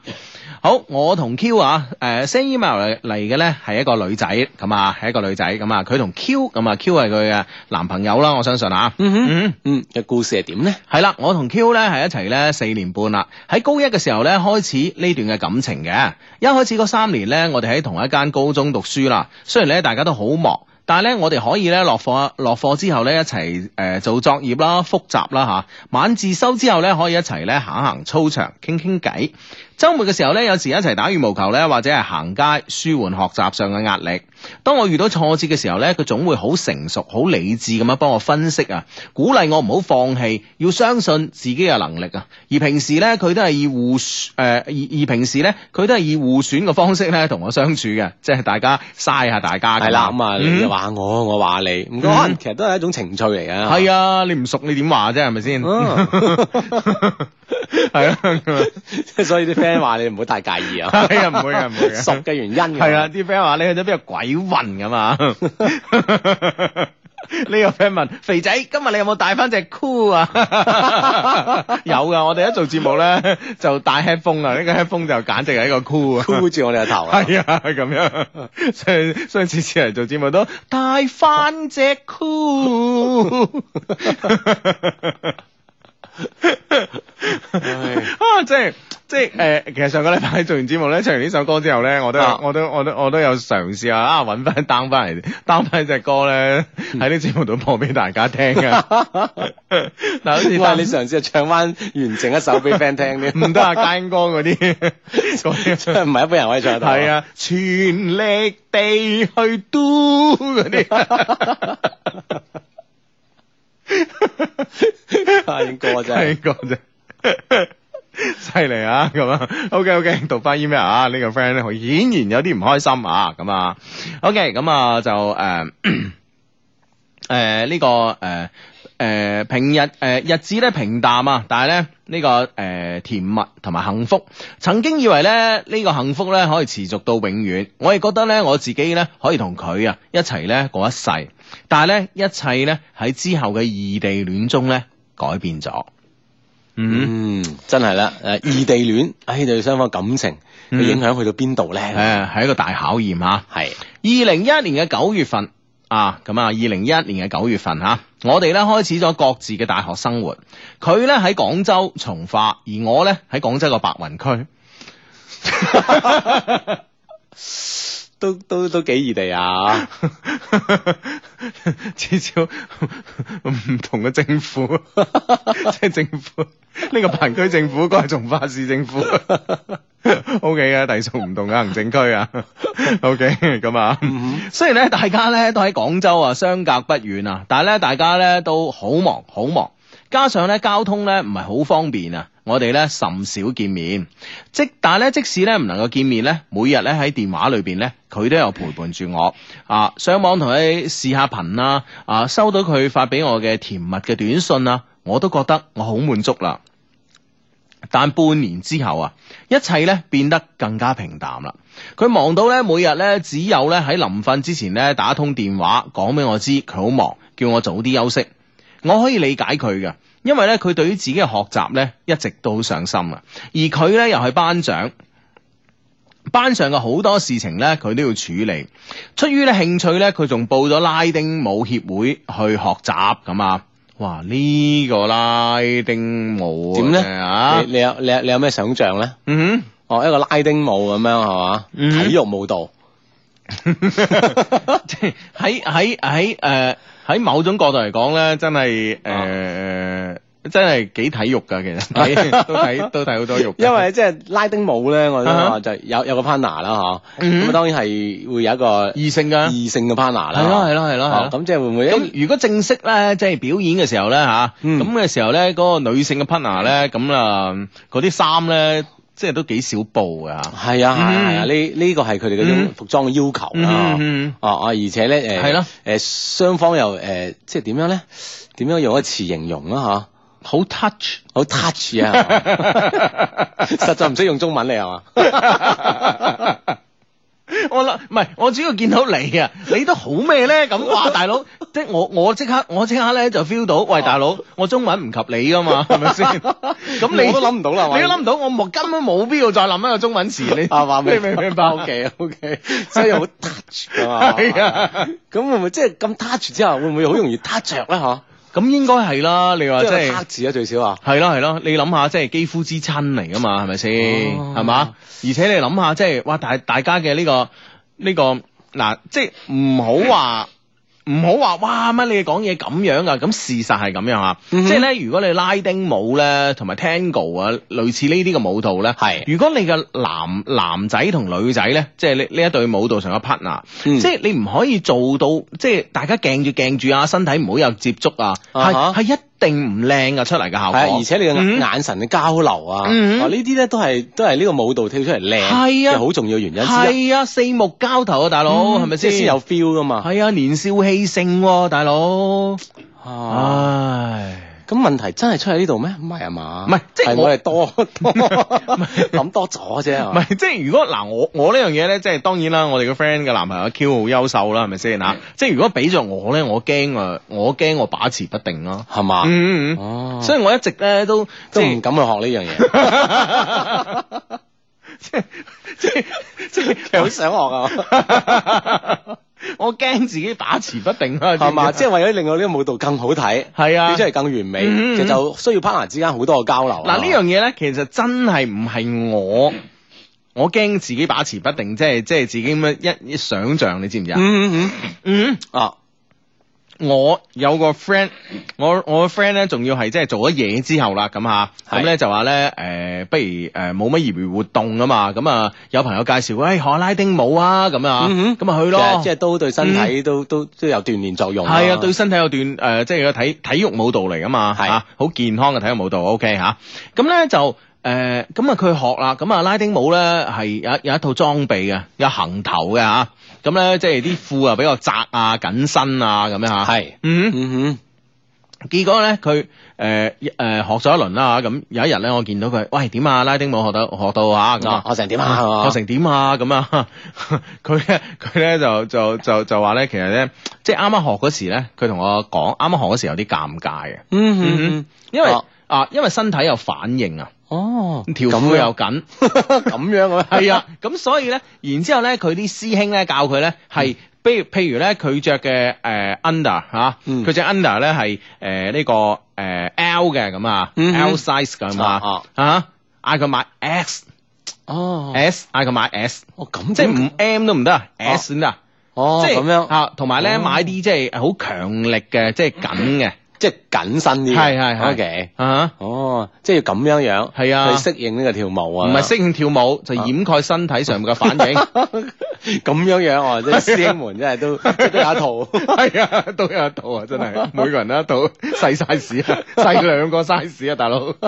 好，我同。同 Q 啊，誒，send email 嚟嘅咧，係一個女仔，咁啊，係一個女仔，咁啊，佢同 Q，咁啊，Q 係佢嘅男朋友啦，我相信啊，嗯嗯嗯，嘅、嗯、故事係點咧？係啦，我同 Q 咧係一齊咧四年半啦，喺高一嘅時候咧開始呢段嘅感情嘅，一開始嗰三年咧，我哋喺同一間高中讀書啦，雖然咧大家都好忙，但係咧我哋可以咧落課落課之後咧一齊誒、呃、做作業啦、複習啦吓，晚自修之後咧可以一齊咧行行操場傾傾偈。聊聊周末嘅時候咧，有時一齊打羽毛球咧，或者係行街舒緩學習上嘅壓力。當我遇到挫折嘅時候咧，佢總會好成熟、好理智咁樣幫我分析啊，鼓勵我唔好放棄，要相信自己嘅能力啊。而平時咧，佢都係以互誒，而、呃、而平時咧，佢都係以互選嘅方式咧同我相處嘅，即係大家嘥下大家。係啦，咁、嗯、啊，你話我，我話你，咁其實都係一種情趣嚟噶。係啊，你唔熟你點話啫？係咪先？係啊，即係所以 friend 話你唔好太介意、 哎、 啊，唔會唔會，熟嘅原因係啊，啲 friend 話你去咗邊度鬼混咁啊？呢 個 friend 問：肥仔，今日你有冇帶翻隻 cool 啊？ 有噶，我哋一做節目咧就帶 headphone 啊，呢、這個 headphone 就簡直係一個 cool，箍住我哋個頭。係啊，咁樣，所所以次次嚟做節目都帶翻隻 cool。 啊、即係即係誒、呃，其實上個禮拜做完節目咧，唱完呢首歌之後咧，我都、啊、我都我都我都，我都有嘗試下啊，揾翻 down 翻嚟，down 翻隻歌咧喺啲節目度播俾大家聽㗎。嗱， 好似但你嘗試啊唱翻完整一首俾 friend 聽啲，唔得啊，單歌嗰啲，所以真係唔係一般人可以唱得。係啊， 全力地去 do 嗰啲。單歌就。歌啫。 犀利 啊！咁啊，OK OK，讀返 email 啊，呢、這個 friend 咧，顯然有啲唔開心啊。咁啊，OK，咁啊就誒誒呢個誒誒、呃、平日誒、呃、日子咧平淡啊，但係咧呢、這個誒、呃、甜蜜同埋幸福，曾經以為咧呢、這個幸福咧可以持續到永遠，我亦覺得咧我自己咧可以同佢啊一齊咧過一世，但係咧一切咧喺之後嘅異地戀中咧改變咗。Mm hmm. 嗯，真係啦，誒，異地戀，哎，對雙方感情、mm hmm. 影響去到邊度呢？誒、呃，係一個大考驗吓。係二零一一年嘅九月份啊，咁啊，二零一一年嘅九月份吓，我哋咧開始咗各自嘅大學生活。佢咧喺廣州從化，而我咧喺廣州嘅白雲區。 都都都幾異地啊！ 至少唔同嘅政府，即係政府呢個棚區政府，嗰 個從化市政府。O K 嘅，隸屬唔同嘅行政區、 okay, 啊。O K 咁啊，雖然咧大家咧都喺廣州啊，相隔不遠啊，但係咧大家咧都好忙，好忙，加上咧交通咧唔係好方便啊。我哋咧甚少見面，即但咧，即使咧唔能夠見面咧，每日咧喺電話裏邊咧，佢都有陪伴住我啊！上網同佢視下頻啦，啊，收到佢發俾我嘅甜蜜嘅短信啊，我都覺得我好滿足啦。但半年之後啊，一切咧變得更加平淡啦。佢忙到咧，每日咧只有咧喺臨瞓之前咧打通電話講俾我知佢好忙，叫我早啲休息。我可以理解佢嘅。因為咧，佢對於自己嘅學習咧，一直都好上心啊。而佢咧又係班長，班上嘅好多事情咧，佢都要處理。出於咧興趣咧，佢仲報咗拉丁舞協會去學習咁啊！哇，呢、這個拉丁舞點咧？你有你有你有你有咩想象咧？嗯哼，哦，一個拉丁舞咁樣係嘛？嗯、哼體育舞蹈。喺喺喺誒喺某種角度嚟講咧，真係誒真係幾體育㗎，其實都睇都睇好多肉。因為即係拉丁舞咧，我諗話就有有個 partner 啦嚇，咁啊當然係會有一個異性嘅異性嘅 partner 啦。係咯係咯係咯。咁即係會唔會？咁如果正式咧，即係表演嘅時候咧嚇，咁嘅時候咧，嗰個女性嘅 partner 咧，咁啊嗰啲衫咧。即係都幾少布嘅嚇，係啊係啊係啊，呢呢個係佢哋嗰種服裝嘅要求啦。哦哦、嗯啊，而且咧誒，係咯誒，是啊、雙方又誒、呃，即係點樣咧？點樣用一個詞形容啊？嚇？好 touch，好 touch 啊！ 實在唔識用，用中文嚟係嘛？ 我諗唔係，我主要見到你啊，你都好咩咧咁話，大佬！即係我我即刻我即刻咧就 feel 到，喂大佬，我中文唔及你噶嘛，係咪先？咁你都諗唔到啦，你都諗唔到，我冇根本冇必要再諗一個中文詞，你話咩？你明唔明白？O K O K，即係好 touch 㗎嘛？係啊，咁會唔會即係咁 touch 之後，會唔會好容易 touch 着咧？嚇，咁應該係啦。你話即係 touch 字啊，最少啊，係囉係囉。你諗下，即係肌膚之親嚟㗎嘛，係咪先？係嘛？而且你諗下，即係哇，大大家嘅呢個呢個嗱，即係唔好話。唔好話哇乜你講嘢咁樣啊，咁事實係咁樣啊，即係咧如果你拉丁舞咧同埋 Tango 啊，類似呢啲嘅舞蹈咧，係是如果你嘅男男仔同女仔咧，即係呢呢一對舞蹈上嘅 partner，即係、嗯、你唔可以做到，即、就、係、是、大家鏡住鏡住啊，身體唔好有接觸啊，係係、uh huh、一。定唔靚，啊出嚟嘅效果，係啊，而且你嘅眼神嘅交流啊，嗯哦，呢啲咧都係都係呢個舞蹈跳出嚟靚，係啊，好重要原因，係啊，四目交投啊，大佬，係咪先先有 feel 噶嘛？係啊，年少氣盛，啊，大佬，啊，唉。咁問題真係出喺呢度咩？唔係啊嘛，唔係即係我係多諗多咗啫。唔係即係如果嗱，我我呢樣嘢咧，即係當然啦。我哋個 friend 嘅男朋友 Q 好優秀啦，係咪先啊？即係如果比咗我咧，我驚啊，我驚我把持不定囉，係嘛？嗯嗯嗯，哦，所以我一直咧都都唔敢去學呢樣嘢，即即即係好想學啊！ 我驚自己把持不定啊，係嘛吧？ 即係為咗令我呢個舞蹈更好睇，係啊，跳出嚟更完美，嗯嗯嗯，其實就需要 partner 之間好多個交流。嗱、啊，啊、樣呢樣嘢咧，其實真係唔係我， 我驚自己把持不定，即係即係自己咁樣一一想像，你知唔知啊？嗯嗯嗯啊！我有個 friend，我我個 friend 咧，仲要係即係做咗嘢之後啦，咁吓咁咧就話咧，誒、呃，不如誒冇乜業餘活動啊嘛，咁啊有朋友介紹，喂、哎、學拉丁舞啊，咁啊，咁啊、嗯、哼去咯，即係都對身體都、嗯、都都有鍛煉作用、啊。係啊，對身體有鍛誒，即係個體體育舞蹈嚟噶嘛，係啊，好健康嘅體育舞蹈，OK 吓、啊。咁咧就誒，咁啊佢學啦，咁啊拉丁舞咧係有有一套裝備嘅，有行頭嘅吓。咁咧，即係啲褲啊比較窄啊緊身啊咁樣嚇，係，嗯嗯，結果咧佢誒誒學咗一輪啦嚇，咁有一日咧我見到佢，喂，點啊拉丁舞學到學到，哦，啊，啊，咁學成點啊，學成點啊咁啊，佢咧佢咧就就就就話咧其實咧，即係啱啱學嗰時咧，佢同我講，啱啱學嗰時有啲尷尬嘅，嗯嗯嗯，因為、哦、啊因為身體有反應啊。哦，條褲又緊 嗎，咁樣 啊？係、呃、啊，咁所以咧，然之後咧，佢啲師兄咧教佢咧，係譬如譬如咧，佢着嘅誒 under 吓，佢隻 under 咧係誒呢個誒 L 嘅咁啊，L size 噶、啊、嘛，啊嗌佢買 S，哦 S 嗌佢買 S，哦咁即係唔 M 都唔得啊，S 先得哦即係咁樣啊，同埋咧買啲即係好強力嘅，即係緊嘅。啊即係謹慎啲，係係 OK 啊，哦，即係要咁樣樣，係啊，去適應呢個跳舞啊，唔係適應跳舞，啊、就掩蓋身體上面嘅反應，咁 樣樣啊，即、哦、係、就是、師兄們真係 都都、就是、有一套，係啊，都有一套啊，真係，每個人都一套，細晒 size，細兩個 size 啊，大佬。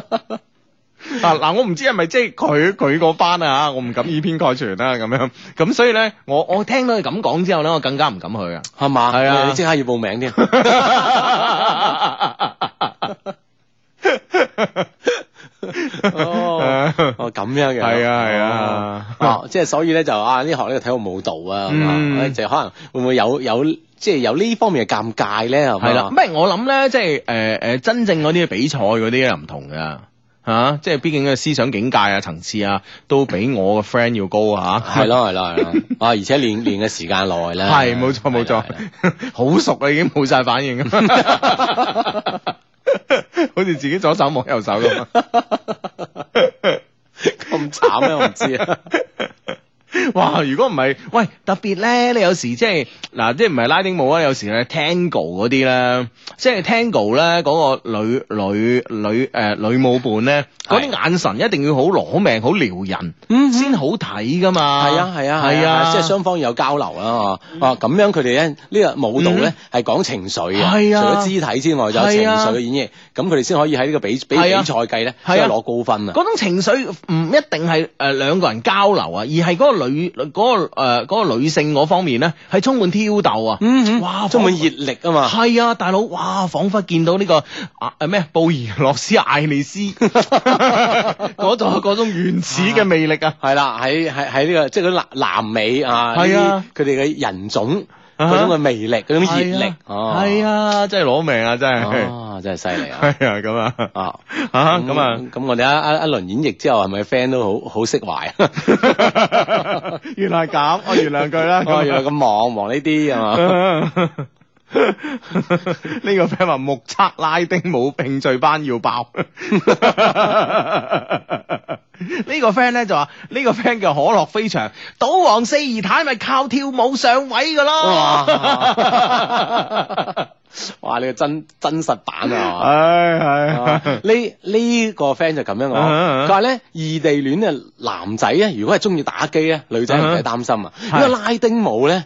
啊嗱，我唔知係咪即係佢佢嗰班啊，我唔敢以偏概全啦咁樣，咁所以咧，我我聽到佢咁講之後咧，我更加唔敢去啊。係嘛？係啊，你即刻要報名添。哦，咁樣嘅，係啊係啊，哦，即係所以咧就啊，呢學呢個體育舞蹈啊，係嘛，就可能會唔會有有即係有呢方面嘅尷尬咧，係嘛。係啦，我諗咧，即係誒誒，真正嗰啲比賽嗰啲咧唔同噶。啊！即係畢竟個思想境界啊、層次啊，都比我嘅 friend 要高啊！係咯，係咯，係咯！啊，而且練練嘅時間耐咧，係冇錯冇錯， 好熟啊，已經冇晒反應咁， 好似自己左手摸右手咁，咁慘咩、啊？我唔知啊！ 哇！如果唔係，喂，特別咧，你有時即係嗱，即係唔係拉丁舞啊？有時咧 Tango 嗰啲咧，即、就、係、是、Tango 咧，嗰、那個女女女誒、呃、女舞伴咧，嗰啲、啊、眼神一定要好攞命，好撩人，先、嗯、哼好睇噶嘛。係啊，係啊，係啊，即係雙方有交流啊。哦、啊，哦，咁樣佢哋咧呢個舞蹈咧係講情緒啊，係啊，啊除咗肢體之外，就有情緒嘅演繹，咁佢哋先可以喺呢個比比比賽計咧，即係攞高分啊！嗰、啊、種情緒唔一定係誒兩個人交流啊，而係嗰、那個。女嗰、嗰個誒，嗰、呃嗰個女性嗰方面咧，係充滿挑逗啊！嗯嗯哇、啊啊，哇，充滿熱力啊嘛！係啊，大、啊、佬，哇，仿佛見到呢個啊誒咩布宜諾斯艾利斯嗰 種嗰種原始嘅魅力啊！係啦、啊，喺喺喺呢個即係嗰南南美啊，係啊，佢哋嘅人種。嗰、啊、種嘅魅力，嗰種熱力，係啊，啊，啊，真係攞命啊，真係、啊，真係犀利啊，係啊，咁啊，啊，咁啊，咁、啊啊、我哋一一一輪演繹之後，係咪 friend 都好好釋懷啊？原來係咁，我原諒佢啦。哦，原來咁忙忙呢啲係嘛？呢個 friend 話目測拉丁舞並聚班要爆。 呢 個 friend 咧就話，呢、呢個 friend 叫可樂飛翔，賭王四姨太咪靠跳舞上位噶咯。 哇！你、呢個真真實版啊！係係，呢個、 呢呢個 friend 就咁樣講，佢話咧異地戀咧，男仔咧如果係中意打機咧，女仔唔使擔心啊，因為 拉丁舞咧。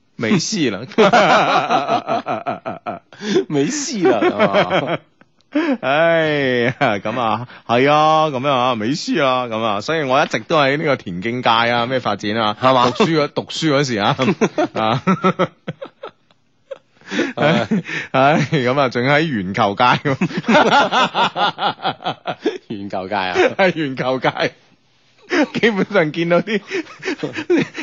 美斯啦，美斯啦，唉，咁啊，係啊，咁樣啊，美斯啊，咁啊，所以我一直都喺呢個田徑界啊，咩發展啊，係嘛，讀書嗰讀書嗰時啊，唉，咁啊，仲喺鉛球界咁，鉛球界啊，係鉛球界。基本上見到啲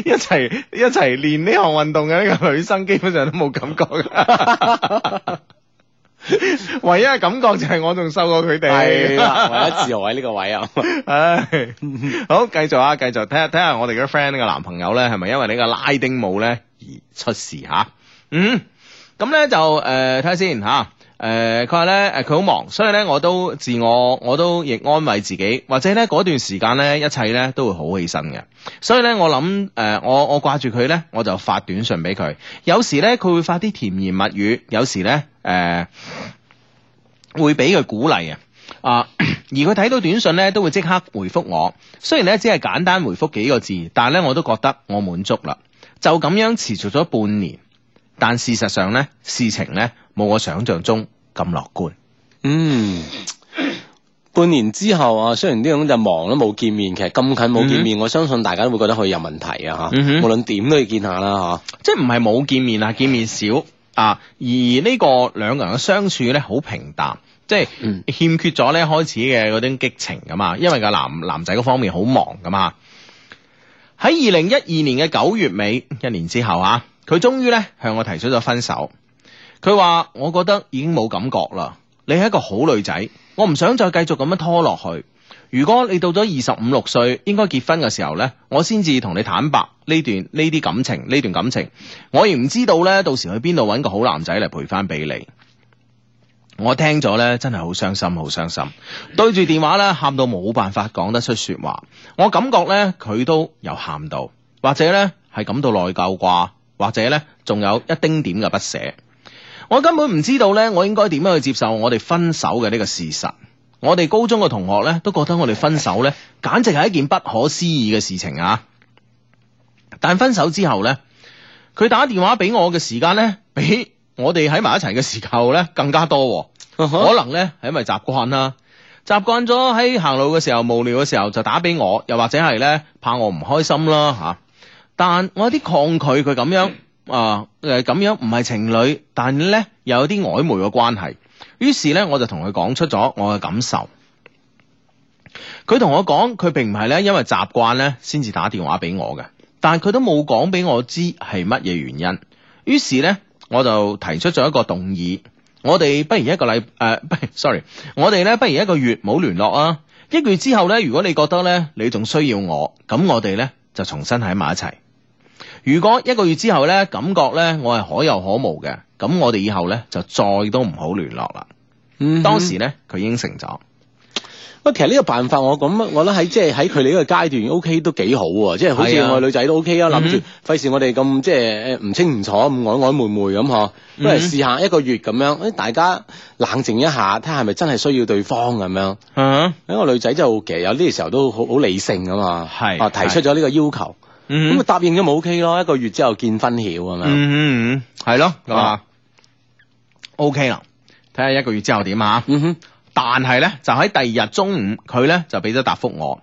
一齊 一齊練呢項運動嘅呢個女生，基本上都冇感覺嘅、 哎，唯一嘅感覺就係我仲瘦過佢哋。係啦，唯一自由喺呢個位啊。唉、 哎，好，繼續啊，繼續睇下睇下我哋嘅 friend 呢個男朋友咧，係咪因為呢個拉丁舞咧而出事吓？啊。嗯，咁咧就誒睇下先吓。啊誒，佢話咧，誒，佢好忙，所以咧，我都自我，我都亦安慰自己，或者咧，嗰段時間咧，一切咧都會好起身嘅。所以咧，我諗，誒、呃，我我掛住佢咧，我就發短信俾佢。有時咧，佢會發啲甜言蜜語；有時咧，誒、呃，會俾佢鼓勵啊。啊，而佢睇到短信咧，都會即刻回復我。雖然咧，只係簡單回復幾個字，但係咧，我都覺得我滿足啦。就咁樣持續咗半年。但事實上呢，事情呢冇我想象中咁樂觀。嗯，半年之後啊，雖然呢種就忙都冇見面，其實咁近冇見面，嗯、哼我相信大家都會覺得佢有問題啊！嚇、嗯哼，無論點都要見下啦！嚇、嗯哼，即係唔係冇見面啊，見面少啊，而呢個兩個人嘅相處呢，好平淡，即係欠缺咗呢開始嘅嗰種激情㗎嘛，因為個男男仔嗰方面好忙㗎嘛。喺二零一二年嘅九月尾，一年之後啊。佢終於咧向我提出咗分手。佢話：我覺得已經冇感覺啦。你係一個好女仔，我唔想再繼續咁樣拖落去。如果你到咗二十五六歲應該結婚嘅時候咧，我先至同你坦白呢段呢啲感情呢段感情。我亦唔知道咧，到時去邊度揾個好男仔嚟陪翻俾你。我聽咗咧，真係好傷心，好傷心。對住電話咧，喊到冇辦法講得出説話。我感覺咧，佢都有喊到，或者咧係感到內疚啩。或者咧，仲有一丁點嘅不捨，我根本唔知道咧，我應該點樣去接受我哋分手嘅呢個事實。我哋高中嘅同學咧，都覺得我哋分手咧，簡直係一件不可思議嘅事情啊！但分手之後咧，佢打電話俾我嘅時間咧，比我哋喺埋一齊嘅時候咧更加多啊。可能咧，係因為習慣啦，習慣咗喺行路嘅時候、無聊嘅時候就打俾我，又或者係咧怕我唔開心啦吓。啊.但我有啲抗拒佢咁樣、嗯、啊，誒咁樣唔係情侶，但係咧又有啲曖昧嘅關係。於是咧我就同佢講出咗我嘅感受。佢同我講，佢並唔係咧因為習慣咧先至打電話俾我嘅，但係佢都冇講俾我知係乜嘢原因。於是咧我就提出咗一個動議，我哋不如一個禮誒、呃、，不，sorry，我哋咧不如一個月冇聯絡啊。一個月之後咧，如果你覺得咧你仲需要我，咁我哋咧就重新喺埋一齊。如果一個月之後咧，感覺咧我係可有可無嘅，咁我哋以後咧就再都唔好聯絡啦。嗯、哼當時咧佢應承咗，不過其實呢個辦法我咁，我覺得喺即係喺佢哋呢個階段，O、OK, K 都幾好，即、就、係、是、好似我女仔都 O、OK, K 啊，諗住費事我哋咁即係唔清唔楚，咁曖曖昧昧咁嗬，不如試下一個月咁樣，誒大家冷靜一下，睇下係咪真係需要對方咁樣。啊、嗯哼，因為女仔就其實有啲嘅時候都好好理性噶嘛，係啊是提出咗呢個要求。咁啊、mm hmm. 答應咗咪 OK 咯，一個月之後見分曉啊嗯，係咯，係嘛，OK 啦，睇下一個月之後點啊，嗯哼、mm，hmm. 但係呢，就喺第二日中午，佢呢就俾咗答覆我，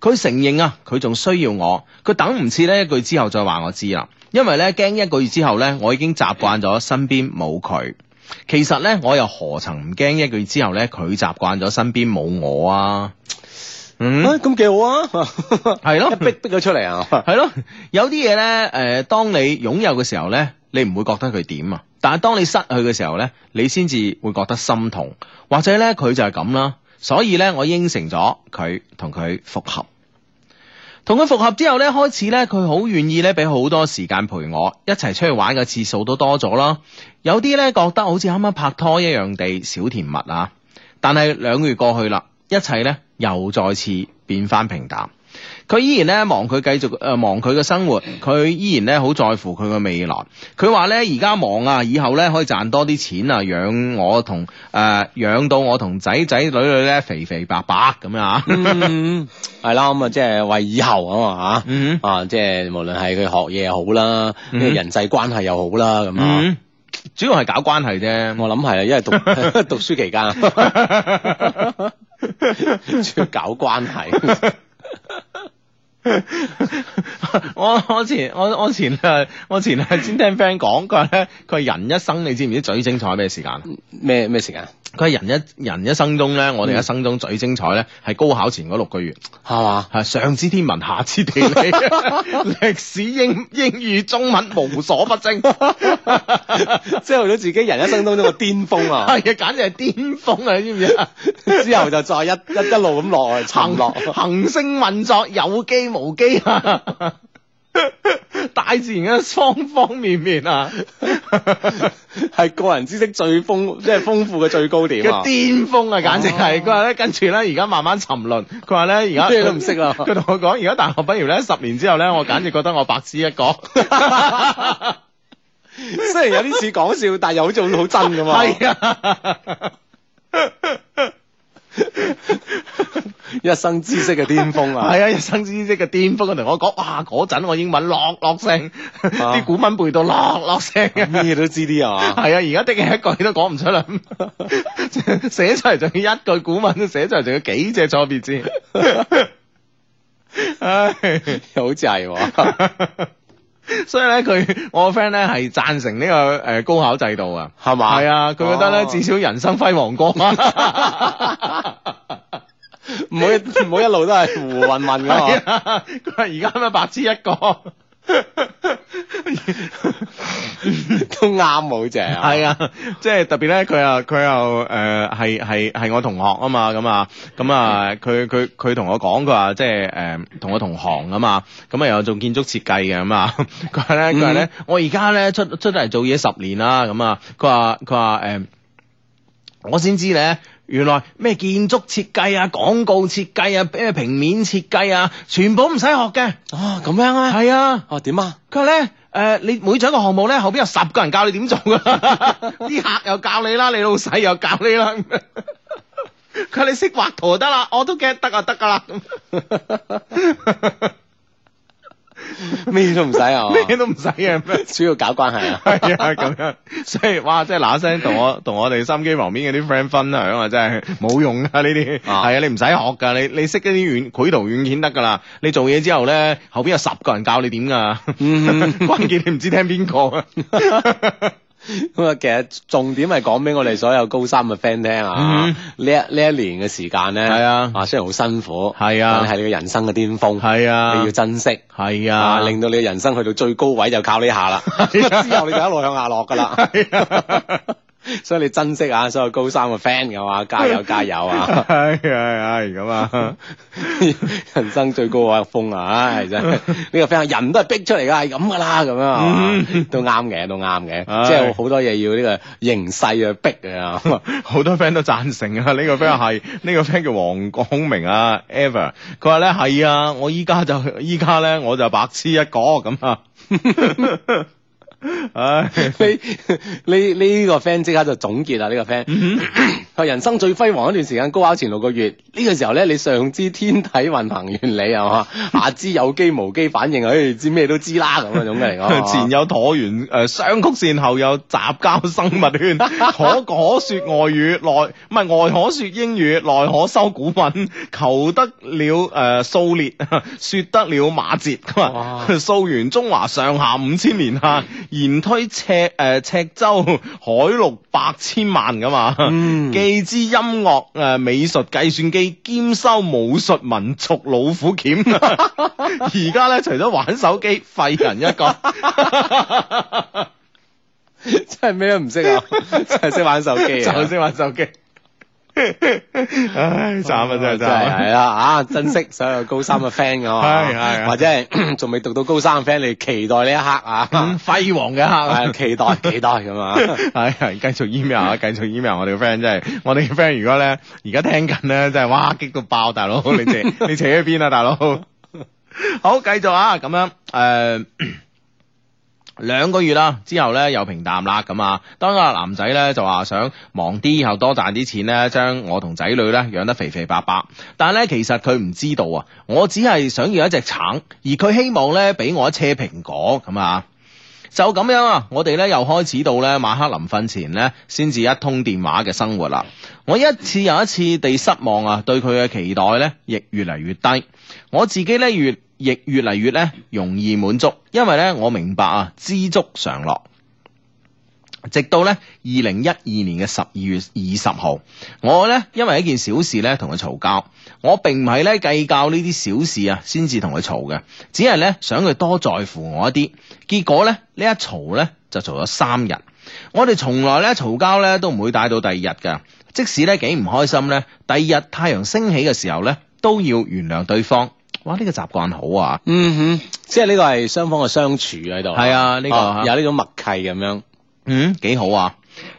佢承認啊，佢仲需要我，佢等唔切呢一句之後再話我知啦，因為呢，驚一個月之後呢，我已經習慣咗身邊冇佢，其實呢，我又何曾唔驚一個月之後呢，佢習慣咗身邊冇我啊？嗯，咁幾、啊、好啊，係咯，逼逼咗出嚟啊，係咯，有啲嘢呢，誒、呃，當你擁有嘅時候呢，你唔會覺得佢點啊，但係當你失去嘅時候呢，你先至會覺得心痛，或者呢，佢就係咁啦，所以呢，我應承咗佢同佢復合，同佢復合之後呢，開始呢，佢好願意呢，俾好多時間陪我，一齊出去玩嘅次數都多咗咯，有啲呢，覺得好似啱啱拍拖一樣地小甜蜜啊，但係兩個月過去啦，一切呢。又再次變翻平淡，佢依然咧忙佢繼續誒、呃、忙佢嘅生活，佢依然咧好在乎佢嘅未來。佢話咧而家忙啊，以後咧可以賺多啲錢啊，養我同誒、呃、養到我同仔仔女女咧肥肥白白咁樣啊，係啦、嗯，咁啊即係為以後啊嘛吓，啊，嗯、啊即係無論係佢學嘢又好啦、啊，啲、嗯、人際關係又好啦咁啊，樣啊嗯、主要係搞關係啫。我諗係啊，因為讀 讀書期間、啊。要搞關係。我 我前我我前啊我前啊先聽 friend 講過咧，佢人一生你知唔知最精彩咩時間？咩咩時間？佢係人一人一生中咧，我哋一生中最精彩咧，係高考前嗰六個月，係嘛，嗯？係吧上知天文下知地理，歷 史英，英英語、中文無所不精，即係為咗自己人一生當中個巔峰啊！係啊，簡直係巔峰啊！你知唔知？ 之後就再一一一路咁落去，撐落 行。行星運作有機。無機啊， 大自然嘅方方面面啊，係 個人知識最豐，即係豐富嘅最高點、啊，嘅巔峰啊，簡直係佢話咧，跟住咧，而家慢慢沉淪，佢話咧，而家咩都唔識啊，佢同 我講，而家大學畢業咧，十年之後咧，我簡直覺得我白痴一個， 雖然有啲似講笑，但係又好似好真㗎嘛。咁 是啊。 一生知識嘅巔峰啊！係 啊，一生知識嘅巔峰啊！同我講，哇！嗰陣我英文落落聲，啲、啊、 古文背到落落聲嘅，咩、啊、 都知啲啊！係啊，而家的確一句都講唔出啦，寫出嚟仲要一句古文都寫出嚟仲要幾隻錯別字先？唉、 哎，好滯喎！ 所以咧，佢我個 friend 咧係贊成呢、這個誒、呃、高考制度啊，係嘛吧？係啊，佢覺得咧、哦、至少人生輝煌過哈哈，唔好唔好一路都係糊混混㗎。佢話而家咩白痴一個。 都啱好正，係啊！ 即係特別咧，佢又佢又誒，係係係我同學啊嘛，咁、嗯、啊，咁啊、嗯，佢佢佢同我講，佢話即係誒，同我同行啊嘛，咁啊又做建築設計嘅咁啊，佢話咧佢話咧，我而家咧出出嚟做嘢十年啦，咁啊，佢話佢話誒，我先知咧。原來咩建築設計啊、廣告設計啊、咩平面設計啊，全部唔使學嘅。哦，咁樣啊？係啊。哦，點啊？佢話咧，誒、呃，你每做一個項目咧，後邊有十個人教你點做噶，啲 客又教你啦，你老細又教你啦。佢 話你識畫圖就得啦，我都驚得啊，得噶啦。 咩 都唔使啊，咩 都唔使嘅， 主要搞關係啊，係啊，咁樣，所以哇，即係嗱聲同我同我哋心機旁邊嗰啲 friend 分享啊，真係冇用噶呢啲，係啊，啊，你唔使學噶，你你識啲軟繪圖軟件得噶啦，你做嘢之後咧後邊有十個人教你點噶， 關鍵你唔知聽邊個。咁啊，其實重點係講俾我哋所有高三嘅 friend 聽、嗯、啊，呢一呢一年嘅時間咧，係啊，雖然好辛苦，係啊，但係你嘅人生嘅巔峰，係啊，你要珍惜，係啊,啊，令到你嘅人生去到最高位就靠呢下啦，啊、 之後你就一路向下落噶啦。 所以你珍惜下所有高三嘅 friend 嘅話，加油加油啊！係係係咁啊，人生最高嘅峰啊，唉，真係。呢個 friend 人都係逼出嚟噶，係咁噶啦，咁樣都啱嘅，都啱嘅。即係好多嘢要呢個形勢去逼啊。好多 friend 都贊成啊，呢個 friend 係呢個 friend 叫黃國明啊，Ever。佢話咧係啊，我依家就依家咧，我就白痴一個咁啊。 唉，呢呢呢個 friend 即刻就總結啦，呢、這個 friend，係、嗯、 人生最輝煌一段時間，高考前六個月呢、這個時候咧，你上知天體運行原理係嘛？下知有機無機反應，誒、哎，知咩都知啦咁啊，總嘅嚟講， 前有橢圓誒雙曲線，後有雜交生物圈， 可可說外語內唔係外可說英語，內可收古文，求得了誒數列，說得了馬哲，咁啊哇，數 完中華上下五千年啊！ 延推赤誒、嗯、赤州海陸百千萬嘛，啊、嗯！既知 音樂誒、呃、美術計算機兼收武術民族老虎鉗，而家咧除咗玩手機廢人一個， 真係咩都唔識啊！ 真係識玩手機，就識 玩手機。 唉，慘 啊真係真係係啦吓，珍惜所有高三嘅 friend 嘅嗬， 或者係仲未讀到高三嘅 friend 嚟期待呢一刻啊，咁輝煌嘅一刻， 啊、期待期待咁啊，係係繼續 email 啊，繼續 email 我哋嘅 friend 真係，我哋嘅 friend 如果咧而家聽緊咧真係哇激到爆，大佬 你扯你扯喺邊啊，大佬， 好繼續啊，咁樣誒。呃 兩個月啦，之後呢又平淡啦咁啊。當個男仔呢就話想忙啲，以後多賺啲錢呢，將我同仔女呢養得肥肥白白。但係呢，其實佢唔知道啊，我只係想要一隻橙，而佢希望呢俾我一車蘋果咁啊。就咁樣啊，我哋呢又開始到呢，晚黑臨瞓前呢，先至一通電話嘅生活啦。我一次又一次地失望啊，對佢嘅期待呢亦越嚟越低，我自己呢，越。亦越嚟越咧容易滿足，因為咧我明白啊，知足常樂。直到咧二零一二年嘅十二月二十號，我咧因為一件小事咧同佢嘈交，我並唔係咧計較呢啲小事啊，先至同佢嘈嘅，只係咧想佢多在乎我一啲。結果咧呢一嘈咧就嘈咗三日。我哋從來咧嘈交咧都唔會帶到第二日㗎，即使咧幾唔開心咧，第二日太陽升起嘅時候咧都要原諒對方。哇！呢、這個習慣好啊，嗯哼，即係呢個係雙方嘅相處喺度，係啊，呢個有呢種默契咁樣，嗯，幾好啊。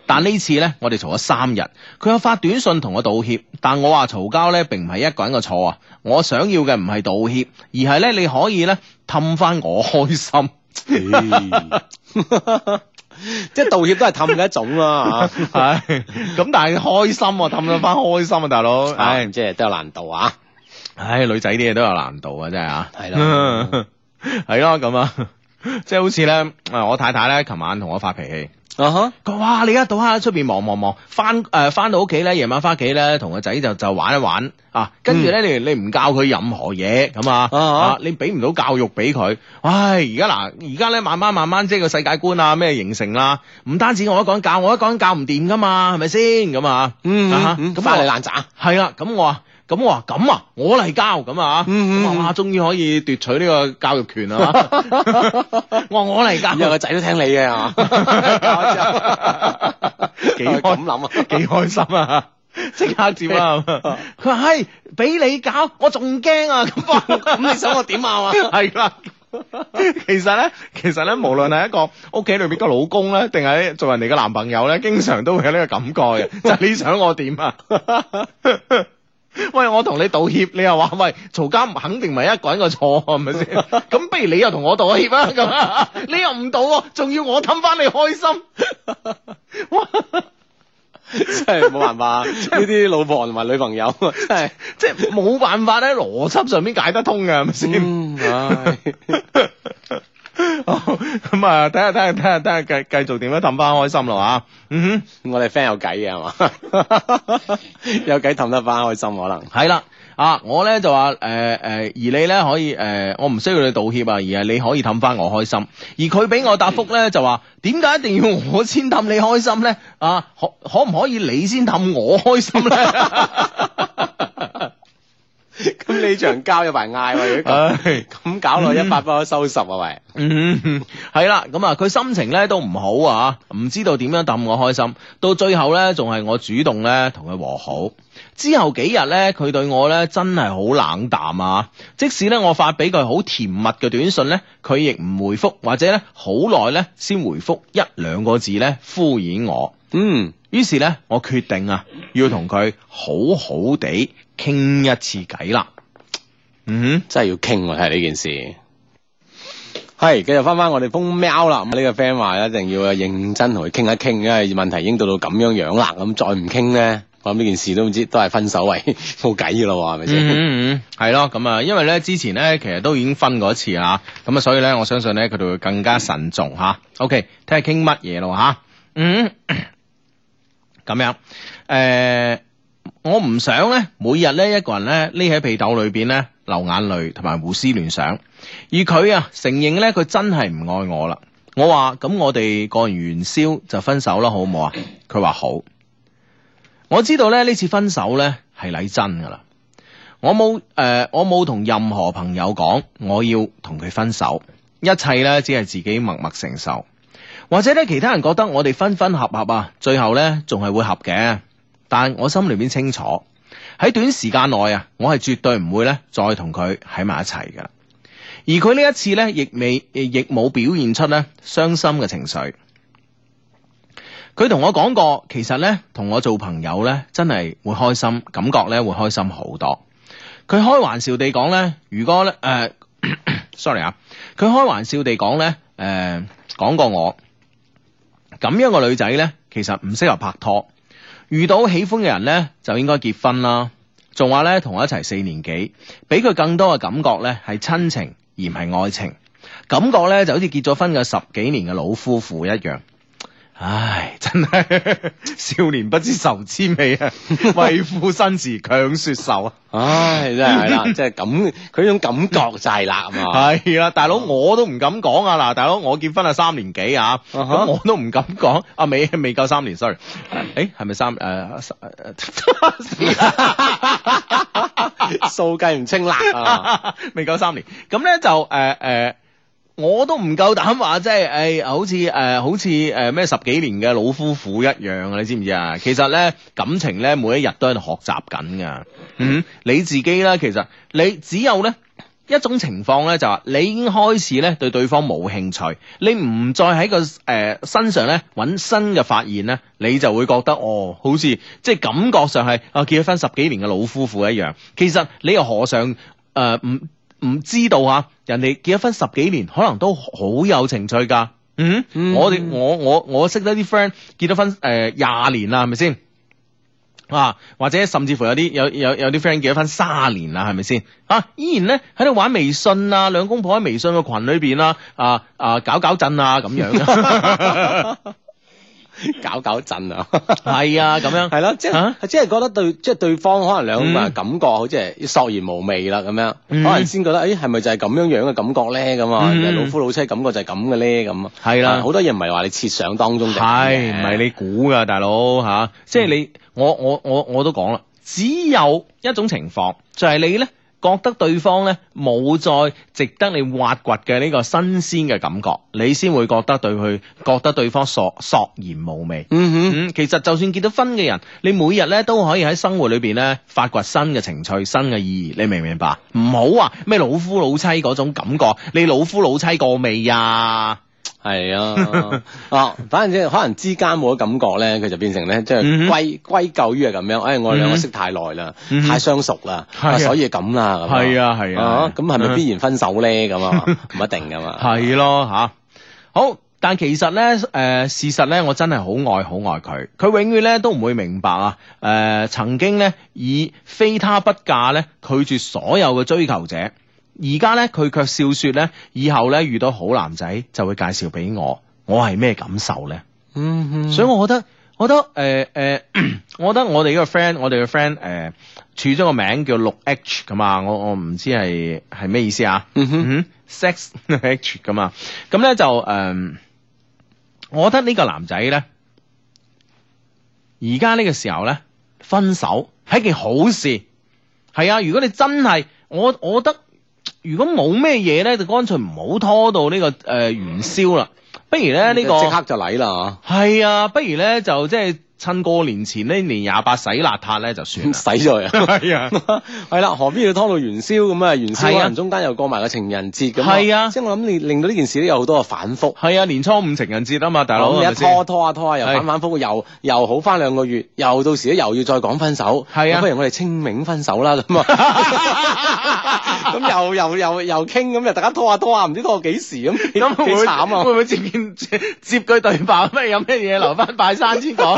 但呢次呢，我哋嘈咗三日，佢有發短信同我道歉，但我話嘈交呢並唔係一個人嘅錯啊。我想要嘅唔係道歉，而係呢你可以呢氹翻我開心， 即係道歉都係氹嘅一種啊。咁 但係開心啊，氹到翻開心啊，大佬，唉、 哎，即係都有難度啊。唉，女仔啲嘢都有難度啊，真係啊，係啦的，係咯咁啊，即係好似咧，我太太咧，琴晚同我發脾氣啊，佢話、uh huh. 你一到倒喺出邊忙忙忙，翻誒翻到屋企咧，夜晚翻屋企咧，同個仔就就玩一玩啊，跟住咧你你唔教佢任何嘢咁、uh huh. 啊，你俾唔到教育俾佢，唉，而家嗱而家咧慢慢慢慢即係個世界觀啊咩形成啦、啊，唔單止我一個人教，我一個人教唔掂噶嘛，係咪先咁啊？嗯，咁翻嚟爛渣，係啦，咁我。咁我話咁啊，我嚟教咁啊，哇，終於可以奪取呢個教育權啦！我話我嚟教，又個仔都聽你嘅，幾咁諗啊？幾開心啊！即刻接啦！佢話係俾你搞，我仲驚啊！咁咁你想我點啊？係啦，其實咧，其實咧，無論係一個屋企裏邊個老公咧，定係做人哋個男朋友咧，經常都會有呢個感覺嘅，就你想我點啊？我同你道歉，你又話喂，嘈交，肯定唔係一個人嘅錯，係咪先？咁不如你又同我道歉啊！咁 你又唔到、啊，仲要我氹翻你開心，哇 真係冇辦法，呢啲 老婆同埋女朋友， 真係即係冇辦法咧，邏輯上面解得通嘅係咪先？唉、 嗯。哎 咁啊，睇 boys 下睇下睇下睇下繼繼續點樣氹翻開心咯吓，嗯哼，我哋 friend 有計嘅係嘛， 有計氹得翻開心可能係啦， 啊，我咧就話誒誒，而你咧可以誒、呃，我唔需要你道歉啊，而係你可以氹翻我開心，而佢俾我答覆咧就話，點解一定要我先氹你開心咧？啊，可可唔可以你先氹我開心咧？ 咁呢 場交有埋嗌喎，如果咁，搞落一發不可收拾啊！喂，嗯，係啦，咁啊，佢心情咧都唔好啊，唔知道點樣氹我開心，到最後咧仲係我主動咧同佢和好。之後幾日咧，佢對我咧真係好冷淡啊！即使咧我發俾佢好甜蜜嘅短信咧，佢亦唔回復，或者咧好耐咧先回復一兩個字咧敷衍我。嗯，於是咧我決定啊，要同佢好好地傾一次偈啦。嗯哼，真係要傾喎，啊，係呢件事。係，繼續翻翻我哋風貓啦。咁，這，呢個 friend 話一定要認真同佢傾一傾，因為問題已經到到咁樣樣啦，咁再唔傾咧。諗呢件事都唔知，都係分手位冇計噶啦，係咪先？係咯，咁啊，因為咧之前咧，其實都已經分過一次啦，咁啊，所以咧，我相信咧，佢哋會更加慎重吓。OK，睇下傾乜嘢咯吓？嗯，咁 樣，誒、呃，我唔想咧，每日咧一個人咧匿喺被斗裏邊咧流眼淚，同埋胡思亂想。而佢啊，承認咧佢真係唔愛我啦。我話咁，我哋過完元宵就分手啦，好唔好啊？佢話好。我知道咧呢次分手呢係嚟真噶啦，我冇誒、呃、我冇同任何朋友講我要同佢分手，一切呢只係自己默默承受。或者咧其他人覺得我哋分分合合啊，最後呢仲係會合嘅，但我心裏面清楚喺短時間內啊，我係絕對唔會呢再同佢喺埋一齊噶啦。而佢呢一次呢，亦未亦冇表現出呢傷心嘅情緒。佢同我講過，其實咧同我做朋友咧真係會開心，感覺咧會開心好多。佢開玩笑地講咧，如果咧誒，sorry 啊，佢開玩笑地講咧，誒、呃、講過我咁樣個女仔咧，其實唔適合拍拖。遇到喜歡嘅人咧就應該結婚啦。仲話咧同我一齊四年幾，俾佢更多嘅感覺咧係親情而唔係愛情，感覺咧就好似結咗婚嘅十幾年嘅老夫婦一樣。唉，真係少年不知愁滋味啊！為賦新詞強說愁啊！唉，真係啦，即係咁佢呢 種感覺就係、嗯、啦，係啊，大佬我都唔敢講啊！嗱，大佬我結婚啊三年幾啊，咁、uh huh. 我都唔敢講啊，未未夠三年，sorry，誒，係咪三誒三？數計唔清啦，未夠三年，咁咧就誒誒。呃呃呃我都唔夠膽話，即係誒，好似誒、呃，好似誒咩十幾年嘅老夫婦一樣啊！你知唔知啊？其實呢感情呢，每一日都喺度學習緊噶。嗯哼，你自己呢，其實你只有呢一種情況呢，就話、是、你已經開始呢對對方冇興趣，你唔再喺個誒、呃、身上呢揾新嘅發現呢，你就會覺得哦，好似即係感覺上係啊結咗婚十幾年嘅老夫婦一樣。其實你又何嘗誒唔？呃唔知道吓，人哋結咗婚十幾年，可能都好有情趣㗎。嗯， 我哋我我我識得啲 friend 結咗婚誒廿年啦，係咪先？啊，或者甚至乎有啲有有有啲 friend 結咗婚卅年啦，係咪先？啊，依然咧喺度玩微信啊，兩公婆喺微信個群裏邊啦，啊啊搞搞震啊咁樣。 搞搞震 啊，係啊，咁樣，啊，係咯，即係，即係覺得對，即係對方可能兩個人感覺，好似索然無味啦，咁樣，嗯、可能先覺得，誒、哎，係咪就係咁樣樣嘅感覺咧？咁啊、嗯，老夫老妻感覺就係咁嘅咧？咁、嗯，係啦，啊，好多嘢唔係話你設想當中嘅，係唔係你估噶，大佬吓？啊嗯、即係你，我我我我都講啦，只有一種情況就係你咧。覺得對方呢冇再值得你挖掘嘅呢個新鮮嘅感覺，你先會覺得對佢覺得對方索索然無味。嗯哼，嗯，其實就算結咗婚嘅人，你每日呢都可以喺生活裏邊呢發掘新嘅情趣、新嘅意義。你明唔明白？唔好話、啊、咩老夫老妻嗰種感覺，你老夫老妻過未呀、啊？係啊，哦， 反正可能之間冇咗感覺咧，佢就變成咧，即係歸歸咎於係咁樣。嗯、哼哎，我哋兩個識太耐啦，嗯、哼太相熟啦，所以咁啦。係啊係啊，咁係咪必然分手咧？咁 啊，唔一定噶嘛。係咯吓，好。但其實咧，誒、呃，事實咧，我真係好愛好愛佢。佢永遠咧都唔會明白啊。誒、呃，曾經咧以非他不嫁咧，拒絕所有嘅追求者。而家咧，佢卻笑說咧，以後咧遇到好男仔就會介紹俾我。我係咩感受咧？嗯哼、mm，hmm. 所以我覺得，我覺得誒誒、呃呃，我覺得我哋呢個 friend，我哋嘅 friend 誒，署、呃、咗個名叫六 H 噶啊，我我唔知係係咩意思啊？Mm hmm. 嗯哼，sex H 噶啊，咁咧就誒、呃，我覺得呢個男仔咧，而家呢個時候咧分手係一件好事，係啊。如果你真係我，我覺得。如果冇咩嘢咧，就乾脆唔好拖到呢、這個誒元宵啦。呃不如咧呢個即刻就嚟啦吓，係啊，不如咧就即係趁過年前呢，年廿八洗邋遢咧就算洗咗啊，係啊，係啦，何必要拖到元宵咁啊？元宵人中間又過埋個情人節咁啊，即係我諗令令到呢件事咧有好多個反覆，係啊，年初五情人節啊嘛，大佬，一拖拖啊拖啊，又反反覆又又好翻兩個月，又到時咧又要再講分手，係啊，不如我哋清明分手啦咁啊，咁又又又又傾咁又大家拖啊拖啊，唔知拖到幾時咁，幾慘啊，會唔會？接佢句對白咩？有咩嘢，留翻拜山先講。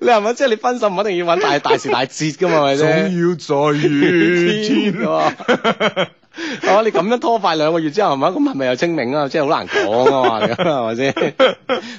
你係咪即係你分手唔一定要揾大大事大節噶嘛？咪先？總要在雨 天 哦，你咁樣拖快兩個月之後，係咪咁係咪又清明啊？即係好難講啊嘛，係咪先？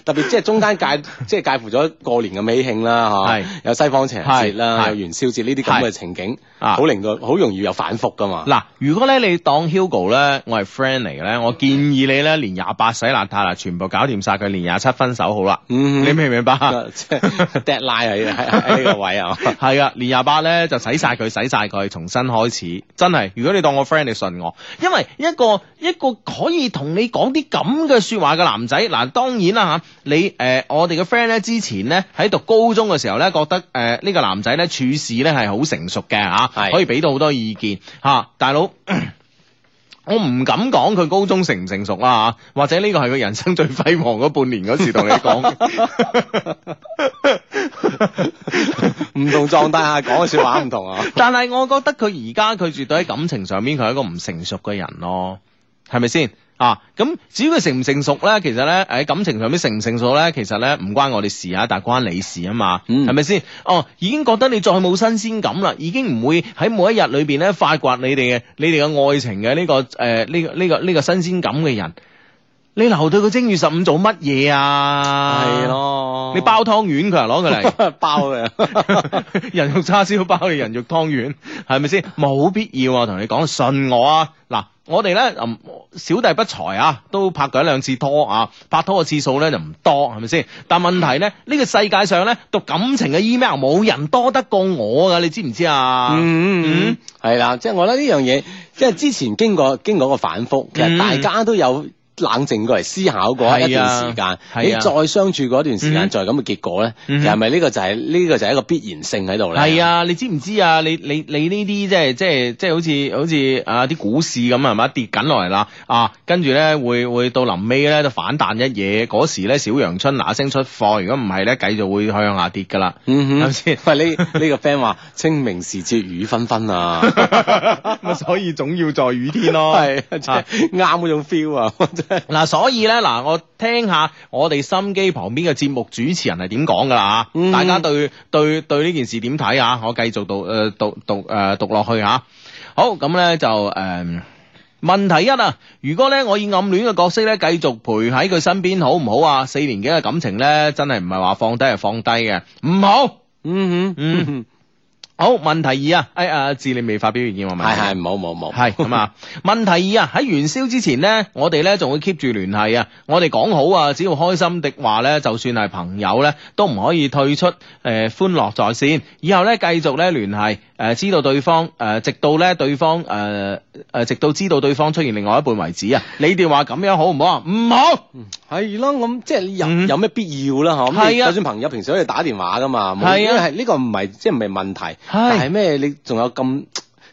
特別即係中間介即係介乎咗過年嘅喜慶啦，吓，有西方情人節啦，有元宵節呢啲咁嘅情景，好令到好容易有反復噶嘛。嗱，如果咧你當 Hugo 咧，我係 friend 嚟嘅咧，我建議你咧，年廿八洗邋遢啦，全部搞掂晒佢，年廿七分手好啦。你明唔明白？即係 deadline 喺呢個位啊，係啊，年廿八咧就洗晒佢，洗晒佢，重新開始。真係，如果你當我 friend 嚟。問我，因為一個一個可以同你講啲咁嘅說話嘅男仔，嗱，當然啦吓，你誒、呃，我哋嘅 friend 咧，之前咧喺讀高中嘅時候咧，覺得誒呢、呃這個男仔咧處事咧係好成熟嘅吓，係、啊、是可以俾到好多意見吓、啊，大佬。我唔敢講佢高中成唔成熟啦、啊，或者呢個係佢人生最輝煌嗰半年嗰時同你講，唔同狀態下講嘅說話唔同啊。 但係我覺得佢而家佢絕對喺感情上面佢係一個唔成熟嘅人咯，係咪先？啊，咁只要佢成唔成熟咧，其實咧喺感情上面成唔成熟咧，其實咧唔關我哋事啊，但係關你事啊嘛，係咪先？哦，已經覺得你再冇新鮮感啦，已經唔會喺每一日裏邊咧發掘你哋嘅你哋嘅愛情嘅呢、這個誒呢、呃這個呢、這個呢、這個新鮮感嘅人。你留到個正月十五做乜嘢啊？係是咯，你包湯圓佢啊，攞佢嚟包嘅什麼， 人肉叉燒包嘅人肉湯圓，係咪先？冇 必要啊，同你講，信我啊！嗱，我哋咧，小弟不才啊，都拍過一兩次拖啊，拍拖嘅次數咧就唔多，係咪先？但係問題咧，呢、這個世界上咧讀感情嘅 email 冇人多得過我噶，你知唔知啊？嗯嗯，係、嗯嗯、啦，即係我覺得呢樣嘢，即係之前經過經過個反覆，其實大家都有、嗯。冷靜過嚟思考過一段時間，你再相處嗰段時間，再咁嘅結果咧，係咪呢個就係呢個就係一個必然性喺度咧？係啊，你知唔知啊？你你你呢啲即係即係即係好似好似啊啲股市咁啊，係咪跌緊落嚟啦啊，跟住咧會會到臨尾咧就反彈一嘢，嗰時咧小陽春嗱一聲出貨，如果唔係咧繼續會向下跌噶啦，係咪先？喂，呢呢個 friend 話清明時節雨紛紛啊，所以總要在雨天咯，係啊，啱嗰種 feel 啊。嗱、啊，所以咧，嗱、啊，我聽下我哋心機旁邊嘅節目主持人係點講噶啦吓，嗯、大家對對對呢件事點睇啊？我繼續讀誒、呃、讀、呃、讀誒讀落去吓、啊，好咁咧就誒、呃、問題一啊，如果咧我以暗戀嘅角色咧繼續陪喺佢身邊，好唔好啊？四年幾嘅感情咧，真係唔係話放低就放低嘅，唔好，嗯嗯哼嗯。好，問題二啊，誒，阿志你未發表意見係咪？係係，唔好唔好唔好，係咁啊。問題二，哎，啊喺元宵之前呢，我哋呢仲會 keep 住聯繫啊。我哋講好啊，只要開心的話呢，就算係朋友呢，都唔可以退出誒、呃、歡樂在線。以後呢，繼續呢聯繫。聯繫誒、呃，知道對方誒、呃，直到咧對方誒誒、呃，直到知道對方出現另外一半為止啊！你哋話咁樣好唔好啊？唔好，係咯咁， 即係有有咩必要啦？嗬、嗯，咁就算朋友平時可以打電話噶嘛，係啊，係呢個唔係即係唔係問題，但係咩、啊？你仲有咁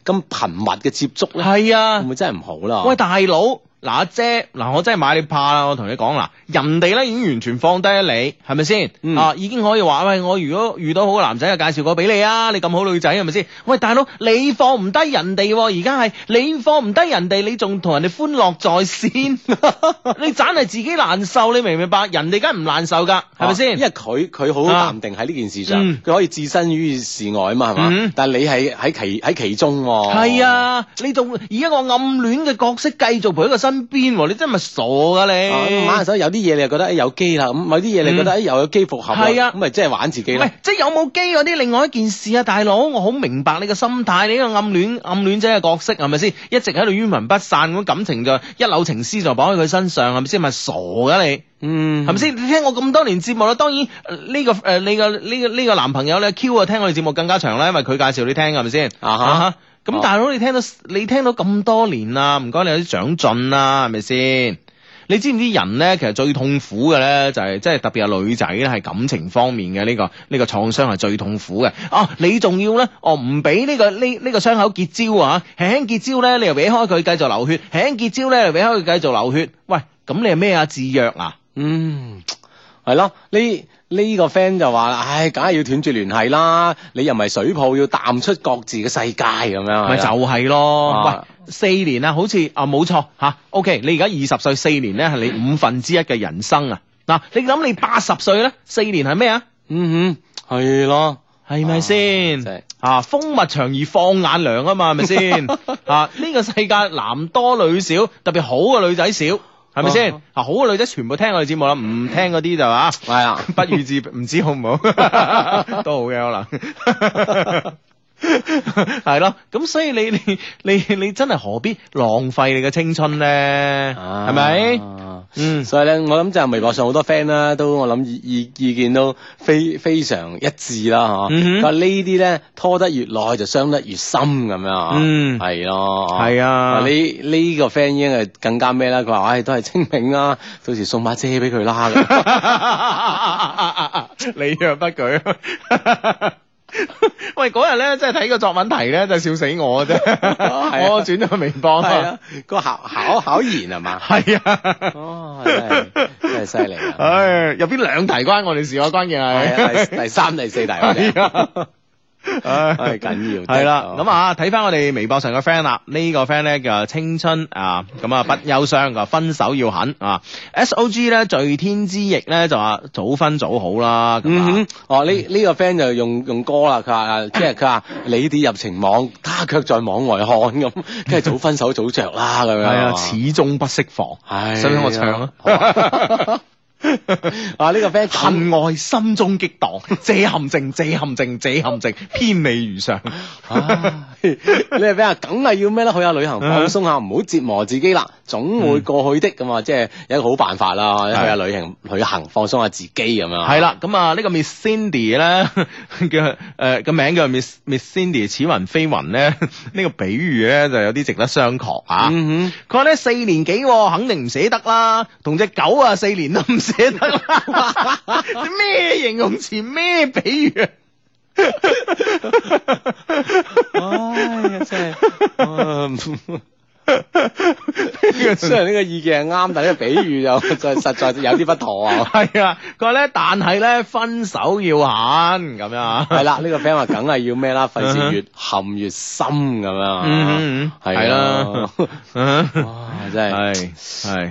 咁頻密嘅接觸咧？係啊，會唔會真係唔好啦？喂，大佬。嗱，阿姐，嗱我真係買你怕啦，我同你講啦，人哋咧已經完全放低咗你，係咪先？嗯、啊，已經可以話喂，我如果遇到好嘅男仔，就介紹過俾你啊！你咁好女仔，係咪先？喂，大佬，你放唔低人哋，而家係你放唔低人哋，你仲同人哋歡樂在先， 你盞係自己難受，你明唔明白？人哋梗唔難受噶，係咪先？因為佢佢好淡定喺呢件事上，佢、啊嗯、可以置身於事外啊嘛，係嘛？嗯、但係你係喺其喺其中喎、啊。係啊，你仲以一個暗戀嘅角色繼續陪一個新。邊 你真係咪傻噶你？買下手有啲嘢你又覺得有機啦，咁有啲嘢你覺得又有機復合啊，咁咪、嗯、即係玩自己啦。喂，即係有冇機嗰啲另外一件事啊，大佬，我好明白你個心態，你呢個暗戀暗戀者嘅角色係咪先？一直喺度冤魂不散咁，感情，一柳情就一縷情絲就綁喺佢身上，係咪先？咪傻噶你？嗯，係咪先？你聽我咁多年節目啦，當然呢、呃這個誒、呃，你個呢個呢個男朋友咧，Q 啊，聽我哋節目更加長咧，因為佢介紹你聽，係咪先？啊哈。Uh huh. uh huh. 咁大佬，你聽到你聽到咁多年啦，唔該你有啲長進啦，係咪先？你知唔知人咧，其實最痛苦嘅咧、就係，就係即係特別係女仔咧，係感情方面嘅呢、呢個呢、呢個創傷係最痛苦嘅、啊。哦，你仲要咧，哦唔俾呢個呢呢、呢個傷口結焦啊！輕輕結焦咧，你又搲開佢繼續流血；輕結焦咧，又搲開佢繼續流血。喂，咁你係咩啊？自虐啊？嗯。係咯，呢呢個 friend 就話，唉，梗係要斷絕聯繫啦，你又唔係水泡，要淡出各自嘅世界咁樣，咪就係咯。啊、喂，四年啦，好似啊，冇錯吓。O.K. 你而家二十歲，四年咧係你五分之一嘅人生啊。嗱，你諗你八十歲咧，四年係咩啊？嗯哼，係咯，係咪先？是是啊，風物長而放眼量啊嘛，係咪先？ 啊，呢、這個世界男多女少，特別好嘅女仔少。係咪先？嗱，哦、好嘅女仔全部聽我哋節目啦，唔、嗯、聽嗰啲就啊，係啊， 不如之 知，唔知好唔好？ 都好嘅的，可能。係咯，咁 所以你你你你真係何必浪費你嘅青春咧？係咪、啊？是是嗯，所以咧，我諗就係微博上好多 friend 啦，都我諗意意意見都非非常一致啦，嗬、啊。佢、嗯、哼呢啲咧拖得越耐就傷得越深咁樣，啊、嗯，係咯，係啊,啊。你呢、這個 friend 應係更加咩啦？佢話唉，都係清明啦，到時送把遮俾佢啦，啊、 你若、啊、不舉,不舉。 喂，嗰日咧，即係睇個作文題咧，就笑死我嘅啫。哦啊、 我轉咗去微博，個考考考研啊嘛？係啊， 哦，真係犀利啊！唉，入邊兩題關我哋事、哎、 啊，關鍵係第三第四題。唉、 哎，緊要係啦，咁啊睇翻我哋微博上嘅 friend 啦，這個、呢個 friend 咧叫青春啊，咁啊不憂傷，㗎分手要狠啊，S O G 咧聚天之翼咧就話早分早好啦，啊、嗯哼哦呢呢、嗯、個 friend 就用用歌啦，佢話即係佢話你啲入情網，他卻在網外看，咁跟住早分手早着啦，咁 樣，係啊，始終不釋放，使唔使我唱啊？ 啊！呢個 friend 恨愛心中激蕩，借陷阱，借陷阱，借陷阱，偏未如常。 你哋俾人梗係要咩啦？去下旅行放鬆下，唔好、嗯、折磨自己啦。總會過去的。咁啊，即係一個好辦法啦。嗯、去下旅行，旅行放鬆下自己咁樣。係啦，咁啊呢個 Miss Cindy 咧， 叫誒個、呃、名叫 Miss Miss Cindy，似雲非雲咧，呢 個比喻咧就有啲值得商榷吓。嗯哼。佢話咧四年幾，肯定唔捨得啦。同隻狗啊四年都唔捨得，咩 形容詞咩比喻啊？哈哈哈！哎呀、 哦，真係， 雖然呢個意見係啱，但呢個比喻就係實在有啲不妥 啊。係啊，佢話咧，但係咧分手要狠咁樣。係 啦，呢、呢個 friend 話梗係要咩啦？費事越陷越深咁樣。嗯嗯，係啦。真係，係，係。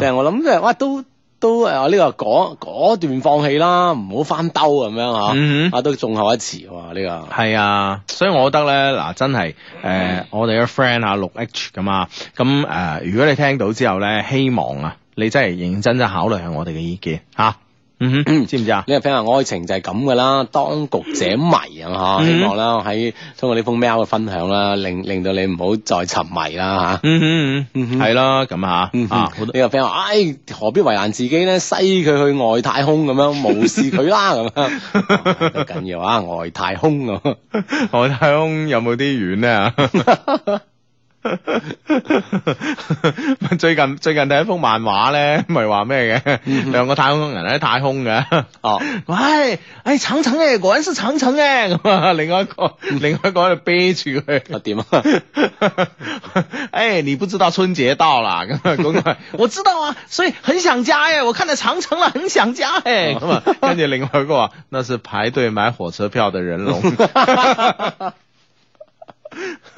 成日我諗即係，哇都。都誒呢、呃這個嗰果斷放棄啦，唔好翻兜咁樣嚇，嗯、哼啊都仲後一次喎，呢個係啊，所以我覺得咧，嗱，真係誒我哋嘅 friend 啊，六 H 咁啊，咁誒、嗯呃，如果你聽到之後咧，希望啊你真係認真真考慮下我哋嘅意見吓。啊嗯哼，知唔知啊？呢個 friend 話愛情就係咁噶啦，當局者迷啊，嗬、啊！希望啦，喺、嗯、哼通過呢封 mail 嘅分享啦，令令到你唔好再沉迷啦，吓、啊嗯。嗯哼嗯哼嗯哼，係咯，咁啊，吓。啊，呢個 friend 話，唉、啊，何必為難自己咧？西佢去外太空咁樣無視佢啦，咁啊。緊、啊、要啊， 外太空啊，外 太空有冇啲遠啊？ 最近最近睇一幅漫畫咧，咪話咩嘅？兩、嗯、哼個太空人喺太空嘅。 哦，喂，哎，長城誒，果然是長城誒。咁啊，另外一個，另外一個就啤住佢，點啊？哎，你不知道春節到了，咁 啊公主， 我知道啊，所以很想家誒。我看到長城啦，很想家誒。咁啊，跟住另外一個，那是排隊買火車票的人龍。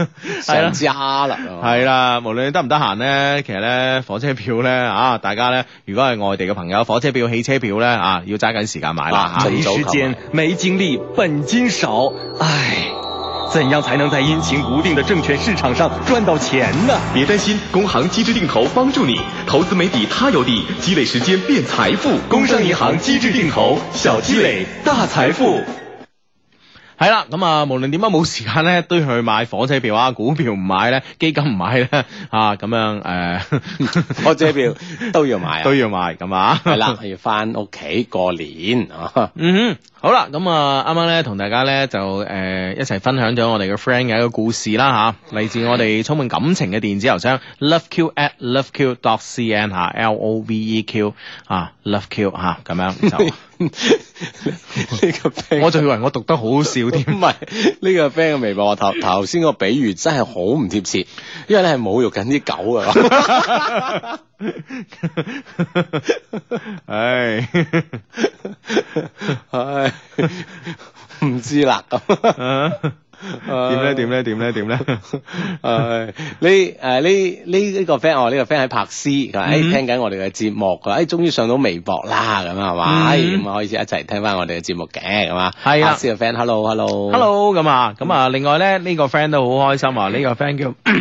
想啦，係啦，無論你得唔得閒呢，其實呢，火車票呢，啊，大家呢，如果係外地嘅朋友，火車票、汽車票呢，啊，要揸緊時間買啦、啊。沒時間、行行沒精力、本金少，唉，怎樣才能在陰晴不定的證券市場上賺到錢呢？別擔心，工行機制定投幫助你投資沒底，他有底，積累時間變財富。工商銀行機制定投，小積累大財富。係啦，咁啊，無論點解冇時間咧，都要去買火車票啊，股票唔買咧，基金唔買咧，啊，咁樣，誒、呃，火車票都要買，都 要買，咁啊，係啦，係要翻屋企過年， 嗯，哼，好啦，咁啊，啱啱咧同大家咧就誒、呃、一齊分享咗我哋嘅 friend 嘅一個故事啦，吓、啊，嚟自我哋充滿感情嘅電子郵箱 loveq@loveq.cn 吓，L-O-V-E-Q、e、啊，loveq 咁、啊、樣。 呢個 friend，我就以為我讀得好笑添，唔係呢個 friend 嘅微博，頭頭先個比喻真係好唔貼切，因為你係侮辱緊啲狗啊！唉唉，唔知啦咁。點咧點咧點咧點咧，誒， 呢誒呢呢呢個 friend 哦呢、呢個 friend 喺柏斯，佢話誒聽緊我哋嘅節目，誒、哎、終於上到微博啦，咁啊係嘛，咁啊、 哎、開始一齊聽翻我哋嘅節目嘅，咁啊柏斯嘅 friend，hello hello hello，咁啊咁啊，另外咧呢個 friend 都好開心啊，呢 個 friend 叫。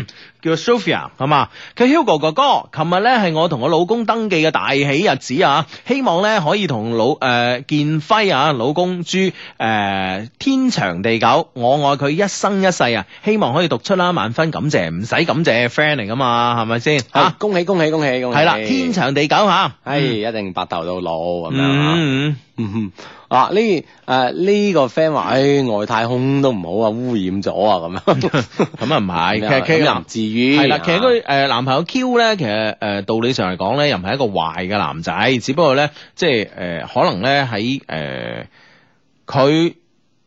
叫 Sophia，好嘛？佢 Hugo 哥哥哥，琴日咧係我同我老公登記嘅大喜日子啊！希望咧可以同老誒、呃、建輝啊老公朱誒、呃、天長地久，我愛佢一生一世啊！希望可以讀出啦，萬分感謝，唔使感謝 friend 嚟噶嘛，係咪先？吓好、啊，恭喜恭喜恭喜！係啦了，天長地久吓，啊、哎，一定白頭到老咁樣嗯哼。嗯 啊！呢誒呢個 friend 話：，誒、哎、外太空都唔好啊，污染咗啊，咁樣咁啊唔係， 么其實佢又唔至於。係啦、嗯，其實佢誒男朋友 Q 咧，其實誒、呃、道理上嚟講咧，又唔係一個壞嘅男仔，只不過咧，即係誒、呃、可能咧喺誒佢。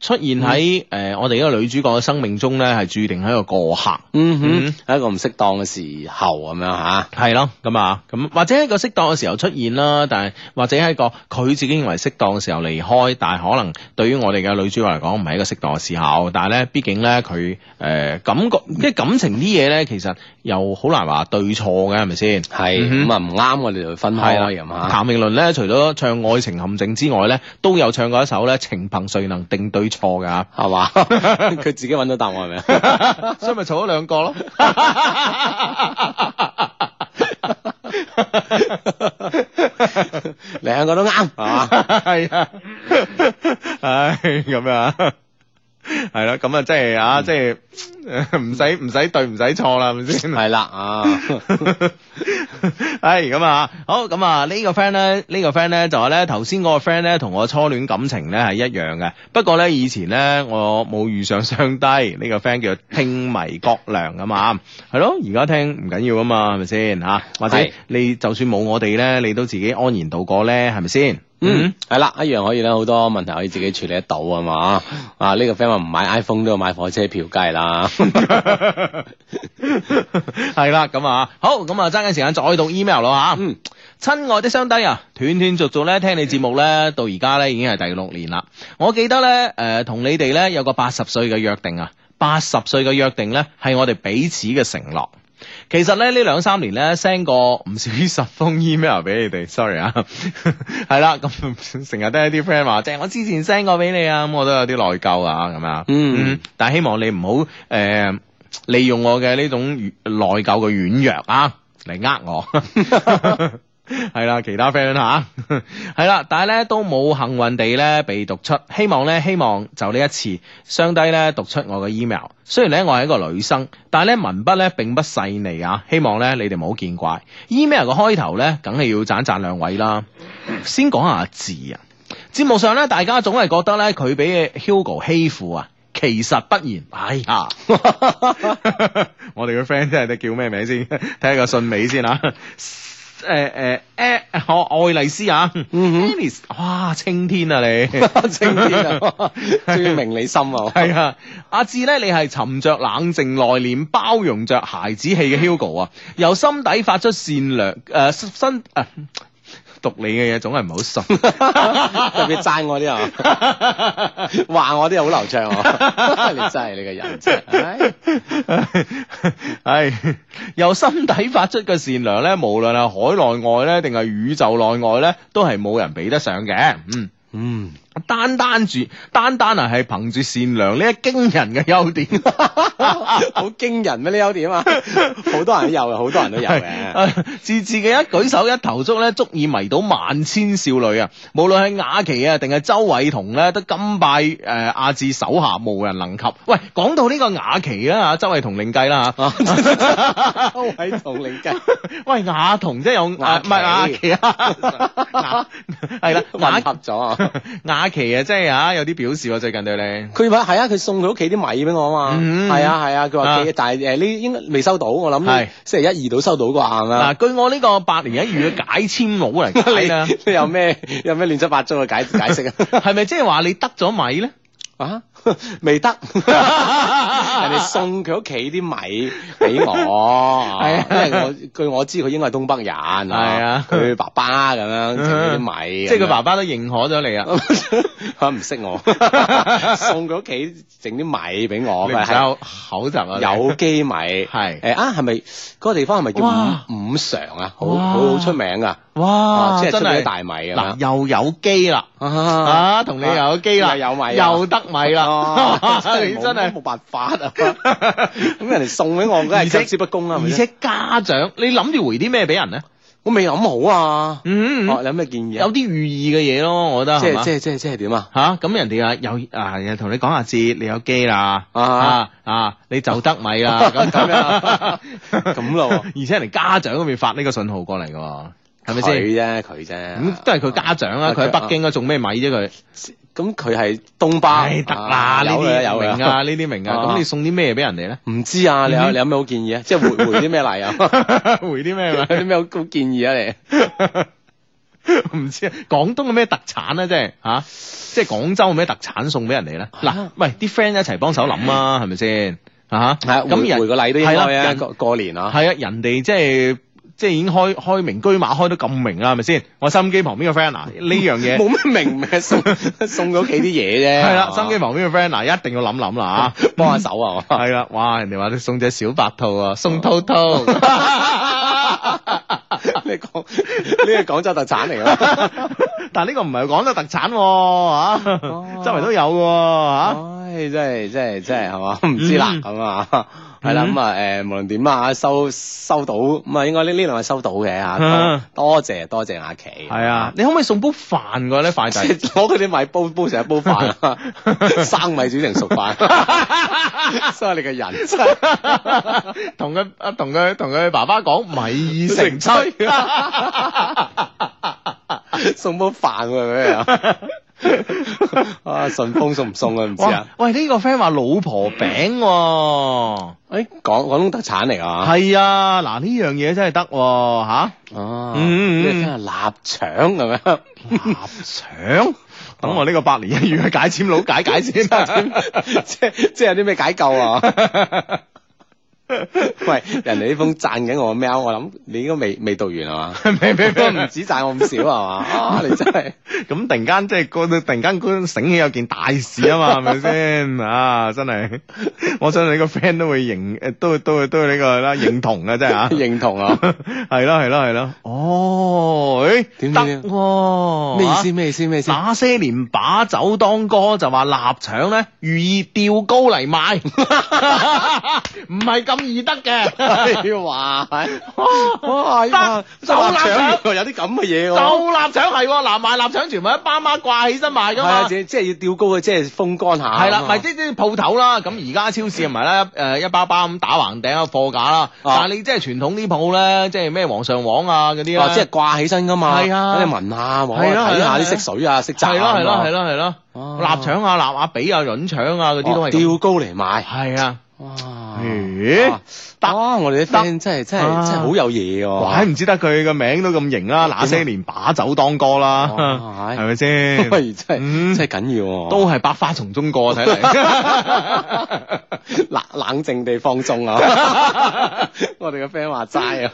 出現喺誒、嗯呃，我哋呢個女主角嘅生命中咧，係注定喺一個過客，嗯哼，喺、嗯、一個唔適當嘅時候咁樣吓，係咯，咁啊，咁、啊、或者一個適當嘅時候出現啦，但係或者係一個佢自己認為適當嘅時候離開，但係可能對於我哋嘅女主角嚟講，唔係一個適當嘅時候，但係咧，畢竟咧佢誒感覺，即係感情啲嘢咧，其實。又好難話對錯嘅係咪先？係咁啊，唔啱是、嗯、哼 我哋就分開啦，係嘛？譚詠麟咧，除咗唱《愛情陷阱》之外咧，都有唱過一首咧《情憑誰能定對錯》㗎 吧，係嘛？佢自己搵到答案係咪啊？ 所以咪嘈咗兩個咯 ，兩個都啱係嘛？係、唉、啊，係咁啊，係啦，咁啊，即係啊，即係。唔使唔使對唔使錯啦，係咪先？係啦對了，啊 、哎，係咁啊，好咁啊，呢個、呢、呢個 friend 咧，呢個 friend 咧，就話咧頭先嗰個 friend 咧，同我初戀感情咧係一樣嘅。不過咧，以前咧我冇遇上傷低，呢、呢個 friend 叫做聽迷國良啊嘛，係咯，而家聽唔緊要啊嘛，係咪先？嚇，或者是你就算冇我哋咧，你都自己安然度過咧，係咪先？嗯，係啦、嗯，一樣可以啦，好多問題可以自己處理得到啊嘛。啊，呢、呢個 friend 話唔買 iPhone 都要買火車票計，梗係啦。係啦，咁啊， 好，咁啊，揸緊時間再讀 email 咯吓。嗯，親愛的相低啊，斷斷續續咧聽你節目咧，嗯、到而家咧已經係第六年啦。我記得咧，誒、呃，同你哋咧有個八十歲嘅約定啊，八十歲嘅約定咧係我哋彼此嘅承諾。其實咧呢兩三年咧 send 過唔少於十封 email 俾你哋，sorry 啊，係 啦，咁成日都係啲 friend 話，即係我之前 send 過俾你啊，咁我都有啲內疚啊，咁啊，嗯，但係希望你唔好誒利用我嘅呢種內疚嘅軟弱啊嚟呃我。 係啦， 其他 friend 吓，係、啊、啦， 但係咧都冇幸運地咧被讀出，希望咧希望就呢一次，上低咧讀出我嘅 email。雖然咧我係一個女生，但係咧文筆咧並不細膩啊，希望咧你哋唔好見怪。email 嘅開頭咧，梗係要讚一讚兩位啦。 先講下字啊，節目上咧大家總係覺得咧佢俾 Hugo 欺負啊，其實不然，哎呀， 我哋嘅 friend 真係你叫咩名先？睇 下個信尾先吓、啊。 誒誒，誒、呃欸哦，愛麗絲啊，嗯哼、mm，hmm. is, 哇，青天啊你，青 天啊，最明你心啊，係 啊，阿志咧，你係沉着冷靜、內斂、包容着孩子氣嘅 Hugo 啊，由心底發出善良誒心啊。呃身呃讀你嘅嘢總係唔好信，特別讚我啲啊，話我啲好流暢，真係你嘅人質，係由心底發出嘅善良咧，無論係海內外咧，定係宇宙內外咧，都係冇人比得上嘅，嗯嗯。 單單住，單單啊，係憑住善良呢一驚人嘅優點，好驚人咩？呢優點啊，好多人都有，好多人都有嘅。自自己一舉手一投足咧，足以迷倒萬千少女啊！無論係雅琪啊，定係周慧彤咧，都甘拜誒、呃、阿志手下無人能及。喂，講到呢個雅琪啊，周慧彤另計啦吓，慧彤另計。喂，雅彤即係有琦雅，唔係雅琪，啊？係 啦，混合咗、 啊、 雅。期啊，即係吓有啲表示喎，最近對你，佢話係啊，佢送佢屋企啲米俾我啊嘛，係啊係啊，佢話、啊、但係誒呢應該未收到，我諗星期一、二度收到啩係嘛？嗱、啊，據我個呢個百年一遇嘅解簽佬嚟解， 你有咩有咩亂七八糟嘅解解釋啊？係咪即係話你得咗米咧？啊，未得， 人哋送佢屋企啲米俾我，因為、 啊、我據我知佢應該係東北人，係啊，佢爸爸咁樣整啲米、啊，即係佢爸爸都認可咗你啊，佢 唔識我， 送佢屋企整啲米俾我，佢係口雜、啊，是是有機米，係 是，誒啊，係咪嗰個地方係咪叫五哇五常啊？好好哇出名噶。哇！即係真係大米啊！嗱，又有機啦，吓同你又有機啦，又得米啦，你真係冇辦法啊！咁人哋送俾我，梗係不公啦。而且家長，你諗住回啲咩俾人咧？我未諗好啊。嗯，有咩建議？有啲寓意嘅嘢咯，我覺得係嘛？即係即係即係點啊？吓咁人哋又又啊，又同你講下次，你有機啦，啊啊，你就得米啦，咁樣咁咯。而且人家長咁樣發呢個信號過嚟嘅。係咪先？佢啫，佢啫。咁都係佢家長啊！佢喺北京啊，送咩米啫佢？咁佢係東巴，得啦呢啲有名啊，呢啲名啊。咁你送啲咩俾人哋咧？唔知啊！你有你有咩好建議啊？即係回回啲咩禮啊？回啲咩啊？啲咩好建議啊？你唔知啊？廣東有咩特產啊？即係嚇，即係廣州有咩特產送俾人哋咧？嗱，喂，啲 friend 一齊幫手諗啊？係咪先啊？係啊，回回個禮都應該啊！過年啊，係啊，人哋即係。即係已經開開明居馬開得咁明啦，係咪先？我收音機旁邊嘅 friend 啊，呢樣嘢冇乜明咩？送送咗屋企啲嘢啫。係啦，收音機旁邊嘅 friend 啊，一定要諗諗啦嚇，幫下手啊嘛。係啦，哇！人哋話你送隻小白兔啊，送兔兔。呢個呢個廣州特產嚟咯，但係呢個唔係廣州特產喎，周圍都有嘅喎。唉，真係真係真係係嘛？唔知啦咁啊。係啦，咁啊、嗯，誒、嗯，無論點啊，收收到，咁啊，應該呢呢兩位收到嘅吓，多謝多謝阿琪，係啊，你可唔可以送飯 煲飯嘅咧？飯就我佢哋買煲煲成一煲飯，生米煮成熟飯，真係 你嘅人，同佢啊，同佢同佢爸爸講米成炊， 送煲飯啊！ 啊！順豐送唔送啊？唔知啊。喂，呢、這個 friend 話老婆餅，誒，廣廣東特產嚟啊。係、欸、啊，嗱呢樣嘢真係得吓。哦、啊，呢個真係臘腸係咪？臘腸、嗯，等我呢個百年一遇嘅解籤佬解解先、啊 解。即係即係有啲咩解救啊？ 喂，人哋呢封讚緊我個喵，我諗你應該未未讀完係嘛？未未未，唔止讚我咁少係嘛？你真係咁 突然間即係覺得突然間醒起有件大事啊嘛，係咪先？啊，真係，我相信你個 friend 都會認，都都都呢、這個啦，認同啊真係， 認同啊，係咯係咯係咯。哦，oh, 誒，得喎樣，咩意思咩意思咩意思？那些年把酒當歌，就話臘腸咧，如意吊高嚟賣，唔係咁。易得嘅，哇！哇，得走臘腸，有啲咁嘅嘢喎。走臘腸係嗱賣臘腸，全部一包包掛起身賣噶嘛。係啊，即係即係吊高嘅，即係風乾下。係啦，咪即即鋪頭啦。咁而家超市唔係啦，誒一包包咁打橫頂個貨架啦。但係你即係傳統啲鋪咧，即係咩皇上皇啊嗰啲啊，即係掛起身噶嘛。係啊，跟住聞下，望下，睇下啲色水啊色澤啊。係咯係咯係咯係咯，臘腸啊臘鴨髀啊潤腸啊嗰啲都係吊高嚟賣。係啊。咦？得我哋啲 friend 真係真係真係好有嘢喎！怪唔知得佢個名都咁型啦，那些年把酒當歌啦，係咪先？不如真係真係緊要，都係百花叢中過，睇嚟，冷冷靜地放鬆啊！我哋個 friend 話齋啊！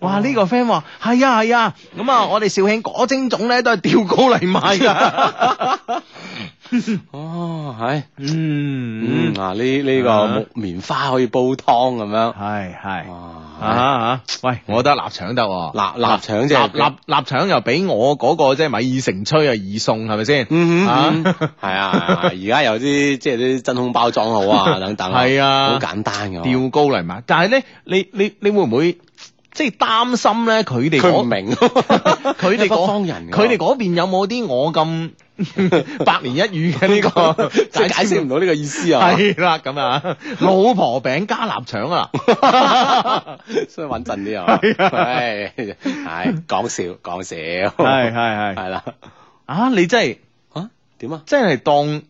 哇！呢個 friend 話係啊係啊，咁啊，我哋肇慶果蒸粽咧，都係吊高嚟賣噶。 哦，係，嗯嗯，啊，呢呢、這個木棉花可以煲湯咁樣，係係，啊喂，我覺得臘腸得，臘臘腸啫，臘臘腸又俾我嗰、那個即係、就是、米易成吹啊易送係咪先？嗯係、嗯嗯嗯、啊，而家 有啲即係啲真空包裝好啊等等，係啊，好的、嗯、簡單嘅、啊，吊高嚟嘛，但係咧，你你你，你，你會唔會？即係擔心咧，佢哋佢唔明 那，佢哋嗰方人，佢哋嗰邊有冇啲我咁 百年一遇嘅呢個，即係 解釋唔到呢個意思啊？係啦，咁啊，老婆餅加臘腸啊，所以穩陣啲啊，係，係講笑講， 笑，係係係，係 啦， 啊，你真係啊點啊？真係當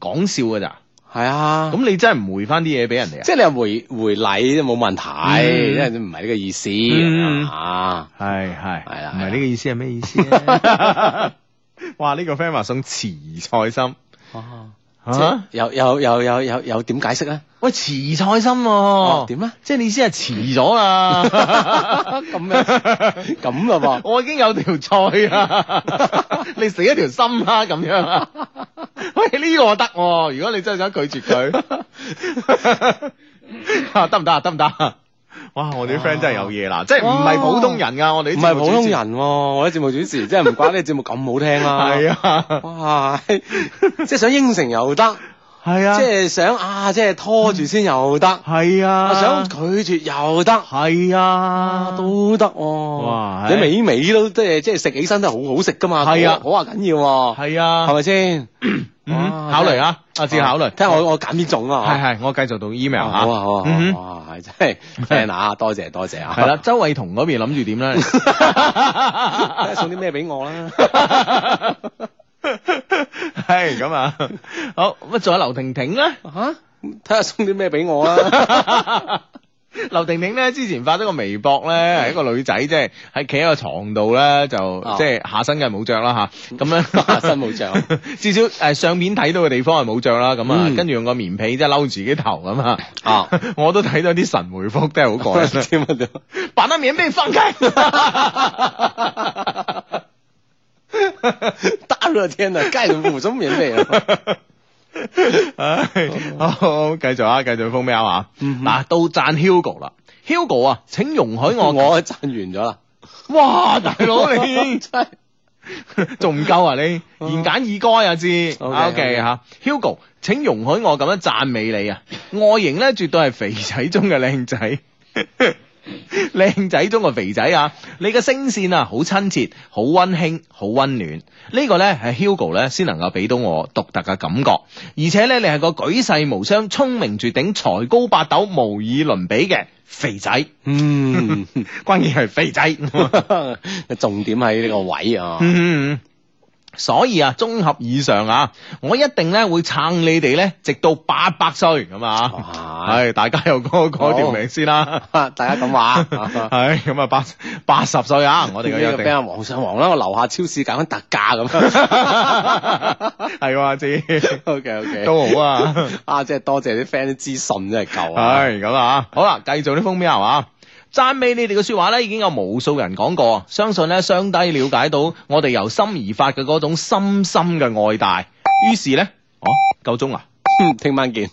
講笑㗎咋？係啊，咁你真係唔回翻啲嘢俾人哋啊？即係你又回回禮都冇問題，因為唔係呢個意思啊，係係係啦，唔係呢個意思係咩意思？哇！呢個 friend 話送遲菜心，有有有有有有點解釋咧？喂，遲菜心點啊？即係你意思係遲咗啊？咁樣咁啊噃？我已經有條菜啊，你死一條心啦，咁樣啊？喂，呢個得喎，啊！如果你真係想拒絕佢，得唔得啊？得唔得？得唔得啊，哇！我啲 friend 真係有嘢啦，哇即係唔係普通人㗎，啊，哇我哋唔係普通人喎，我啲節目主持，即係唔怪呢節目咁 好聽啦，係啊，係，啊，即係想應承又得。係啊，即係想啊，即係拖住先又得，係啊，想拒絕又得，係啊，都得喎。哇，啲美味都即係即係食起身都好好食噶嘛，係啊，好話緊要，係啊，係咪先？考慮啊，啊，至考慮，睇下我我揀邊種啊，係係，我繼續讀 email 好啊好啊，哇，係真係 thank you 多謝多謝啊，係啦，周慧彤嗰邊諗住點咧？送啲咩俾我啦？係咁、 hey，啊，好咁啊，仲有劉婷婷咧吓，睇下送啲咩俾我啦。劉婷婷咧之前發咗個微博咧，係、嗯、一個女仔，即係喺企喺個床度咧，就、哦、即係下身嘅冇着啦吓，咁、啊、樣下身冇着， 至少誒、呃、上面睇到嘅地方係冇着啦。咁啊，嗯、跟住用個棉被即係摟住自己頭咁啊。啊、嗯， 我都睇到啲神回覆，都係好過癮添啊。把那棉被放開。大熱 天的，蓋住五層棉被啊！好，繼續啊，繼續封咪啊！啊， 到讚 Hugo 啦，Hugo 啊，請容許我，我讚，我讚完咗啦！哇，大佬你真，仲唔夠啊你？言、 啊、 簡意賅啊，知？O K 哈，Hugo，請容許我咁樣讚美你啊！ 外形咧，絕對係肥仔中嘅靚仔。 靚仔中個肥仔啊！你嘅聲線啊，好親切、好溫馨、好溫暖。呢、呢個呢係 Hugo 呢，先能夠俾到我獨特嘅感覺。而且呢，你係個舉世無雙、聰明絕頂、才高八斗、無以倫比嘅肥仔。嗯， 關鍵係肥仔， 重點係呢個位啊。 所以啊，綜合以上啊，我一定咧會撐你哋咧，直到八百歲咁啊！係、啊，大家又講講好條命先啦、啊，大家咁話。係， 咁啊八八十歲啊，我哋嘅約定。俾下皇上皇啦，我樓下超市搞緊特價咁。係喎、 啊，阿志。OK OK，都好啊！ 啊，即係多謝啲 friend 啲資訊真係夠啊！係咁 啊，好啦，繼續啲封面啊嘛。讚美你哋嘅說話咧，已經有無數人講過，相信咧上帝了解到我哋由心而發嘅嗰種深深嘅愛戴，於是咧，哦、啊，夠鐘啦， 聽晚見。